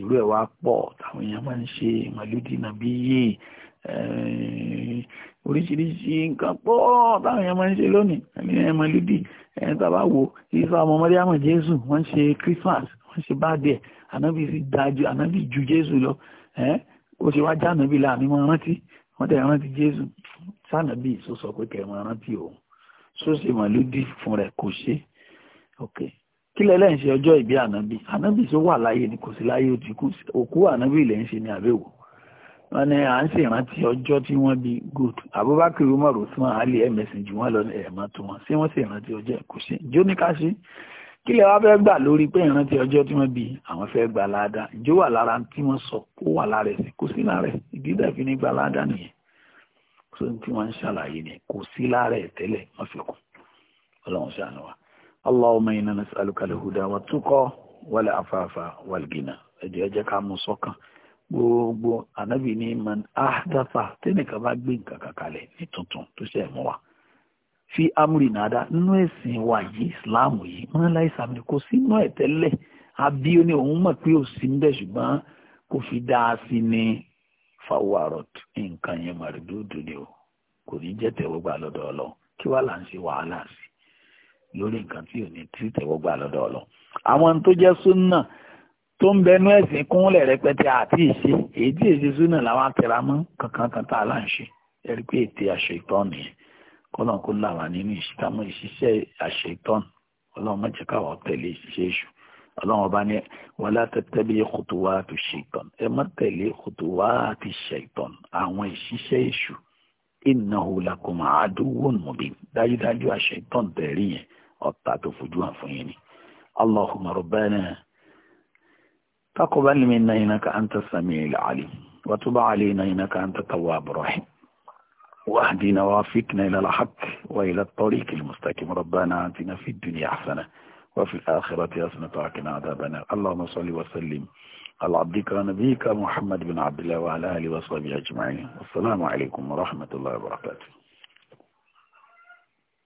ìlú ẹ̀ wá pọ̀ táwọn èèyàn máa ń ṣe màlúdínà bí yìí oríṣiríṣi nǹkan pọ̀ táwọn èèyàn máa ń ṣe lónìí ẹ̀mí ẹ̀ mọ̀lúdì ẹ̀ tàbá wo ìfà ọmọ mọ́ríàmọ̀ jésù wọ́n ṣe christmas wọ́n ṣe báàdì ẹ̀ ànábì sì dájú ànábì ju jésù lọ ẹ̀ ó ṣe wá já ànábì láàmì wọn rántí wọn tẹ̀ rántí jésù sànàbì sọ sọ pé kẹ̀ wọn rántí òun sọ ṣe mọ̀lúdì fún rẹ̀ kò ṣe ok kí lẹ́lẹ́ ń ṣe ọjọ́ ìbí ànábì ànábì tó wà láyé ni kò sí láyé òkú ànábì lẹ́ ń ṣe ni àbẹ̀wò wọ́n ní à ń ṣèrántí ọjọ́ tí wọ́n bí good abubakar umar usman ali emerson jù wọ́n lọ ní ẹ̀ẹ̀mọ́ tó wọn ṣé wọ́n ṣèrántí ọjọ́ kò ṣe jóníkàṣe kí lè wá fẹ́ gbà lórí pé ìrántí ọjọ́ tí wọ́n bí àwọn fẹ́ gbà láàdá ìjó wà lára tí wọ́n sọ kó wà lára ẹ̀sìn kò sí lára ẹ̀ ìdídẹ̀ fi ní gbà láàdá nìyẹn tó tí wọ́n ń ṣàlàyé ni kò sí lára ẹ̀ tẹ́lẹ̀ wọ́n fi kù ọlọ́run wa allahumma inna nas'aluka al-huda wa gbogbo ànábì ní man ahdatha tẹ́nìkan bá gbé nǹkan kàkàlẹ̀ ní tuntun tó ṣe mú wa fi amúrì nàdá nínú ẹ̀sìn wa yìí islam yìí wọn láì sàmì kò sínú ẹ̀ tẹ́lẹ̀ àbí ó ní òun mọ̀ pé ò sí níbẹ̀ ṣùgbọ́n kò fi dáa sí ní fawarot nǹkan yẹn màrídùúdù ni o kò ní jẹ́ tẹ̀wọ́gbà lọ́dọ̀ ọlọ́run kí wàá là ń ṣe wàhálà sí lórí nǹkan tí ò ní tí tẹ̀wọ́gbà lọ́dọ̀ ọlọ́run àwọn tó jẹ́ sunna tó ń bẹnu ẹ̀sìn kúnlẹ̀ rẹpẹtẹ àti ìṣe èyí tí èṣe súnà làwọn atẹra mọ́ kankan kan tá a là ń ṣe ẹ̀rí pé ètè àṣẹ ìtọ́n nìyẹn kọ́lọ́n kó là wá nínú ìṣítàmú ìṣiṣẹ́ àṣẹ ìtọ́n ọlọ́run má jẹ́ káwọn tẹ̀lé ìṣiṣẹ́ èṣù ọlọ́run ọba ní wala tattabi khutuwati shaytan ẹ má tẹ̀lé khutuwati shaytan àwọn ìṣiṣẹ́ èṣù innahu lakum aduwwun mubin dájúdájú àṣẹ ìtọ́n tẹ̀rí yẹn تقبل منا إنك أنت السميع العليم وتب علينا إنك أنت التواب الرحيم واهدنا وافقنا إلى الحق وإلى الطريق المستقيم ربنا آتنا في الدنيا حسنة وفي الآخرة حسنة وقنا عذابنا اللهم صل وسلم على عبدك ونبيك محمد بن عبد الله وعلى آله وصحبه أجمعين والسلام عليكم ورحمة الله وبركاته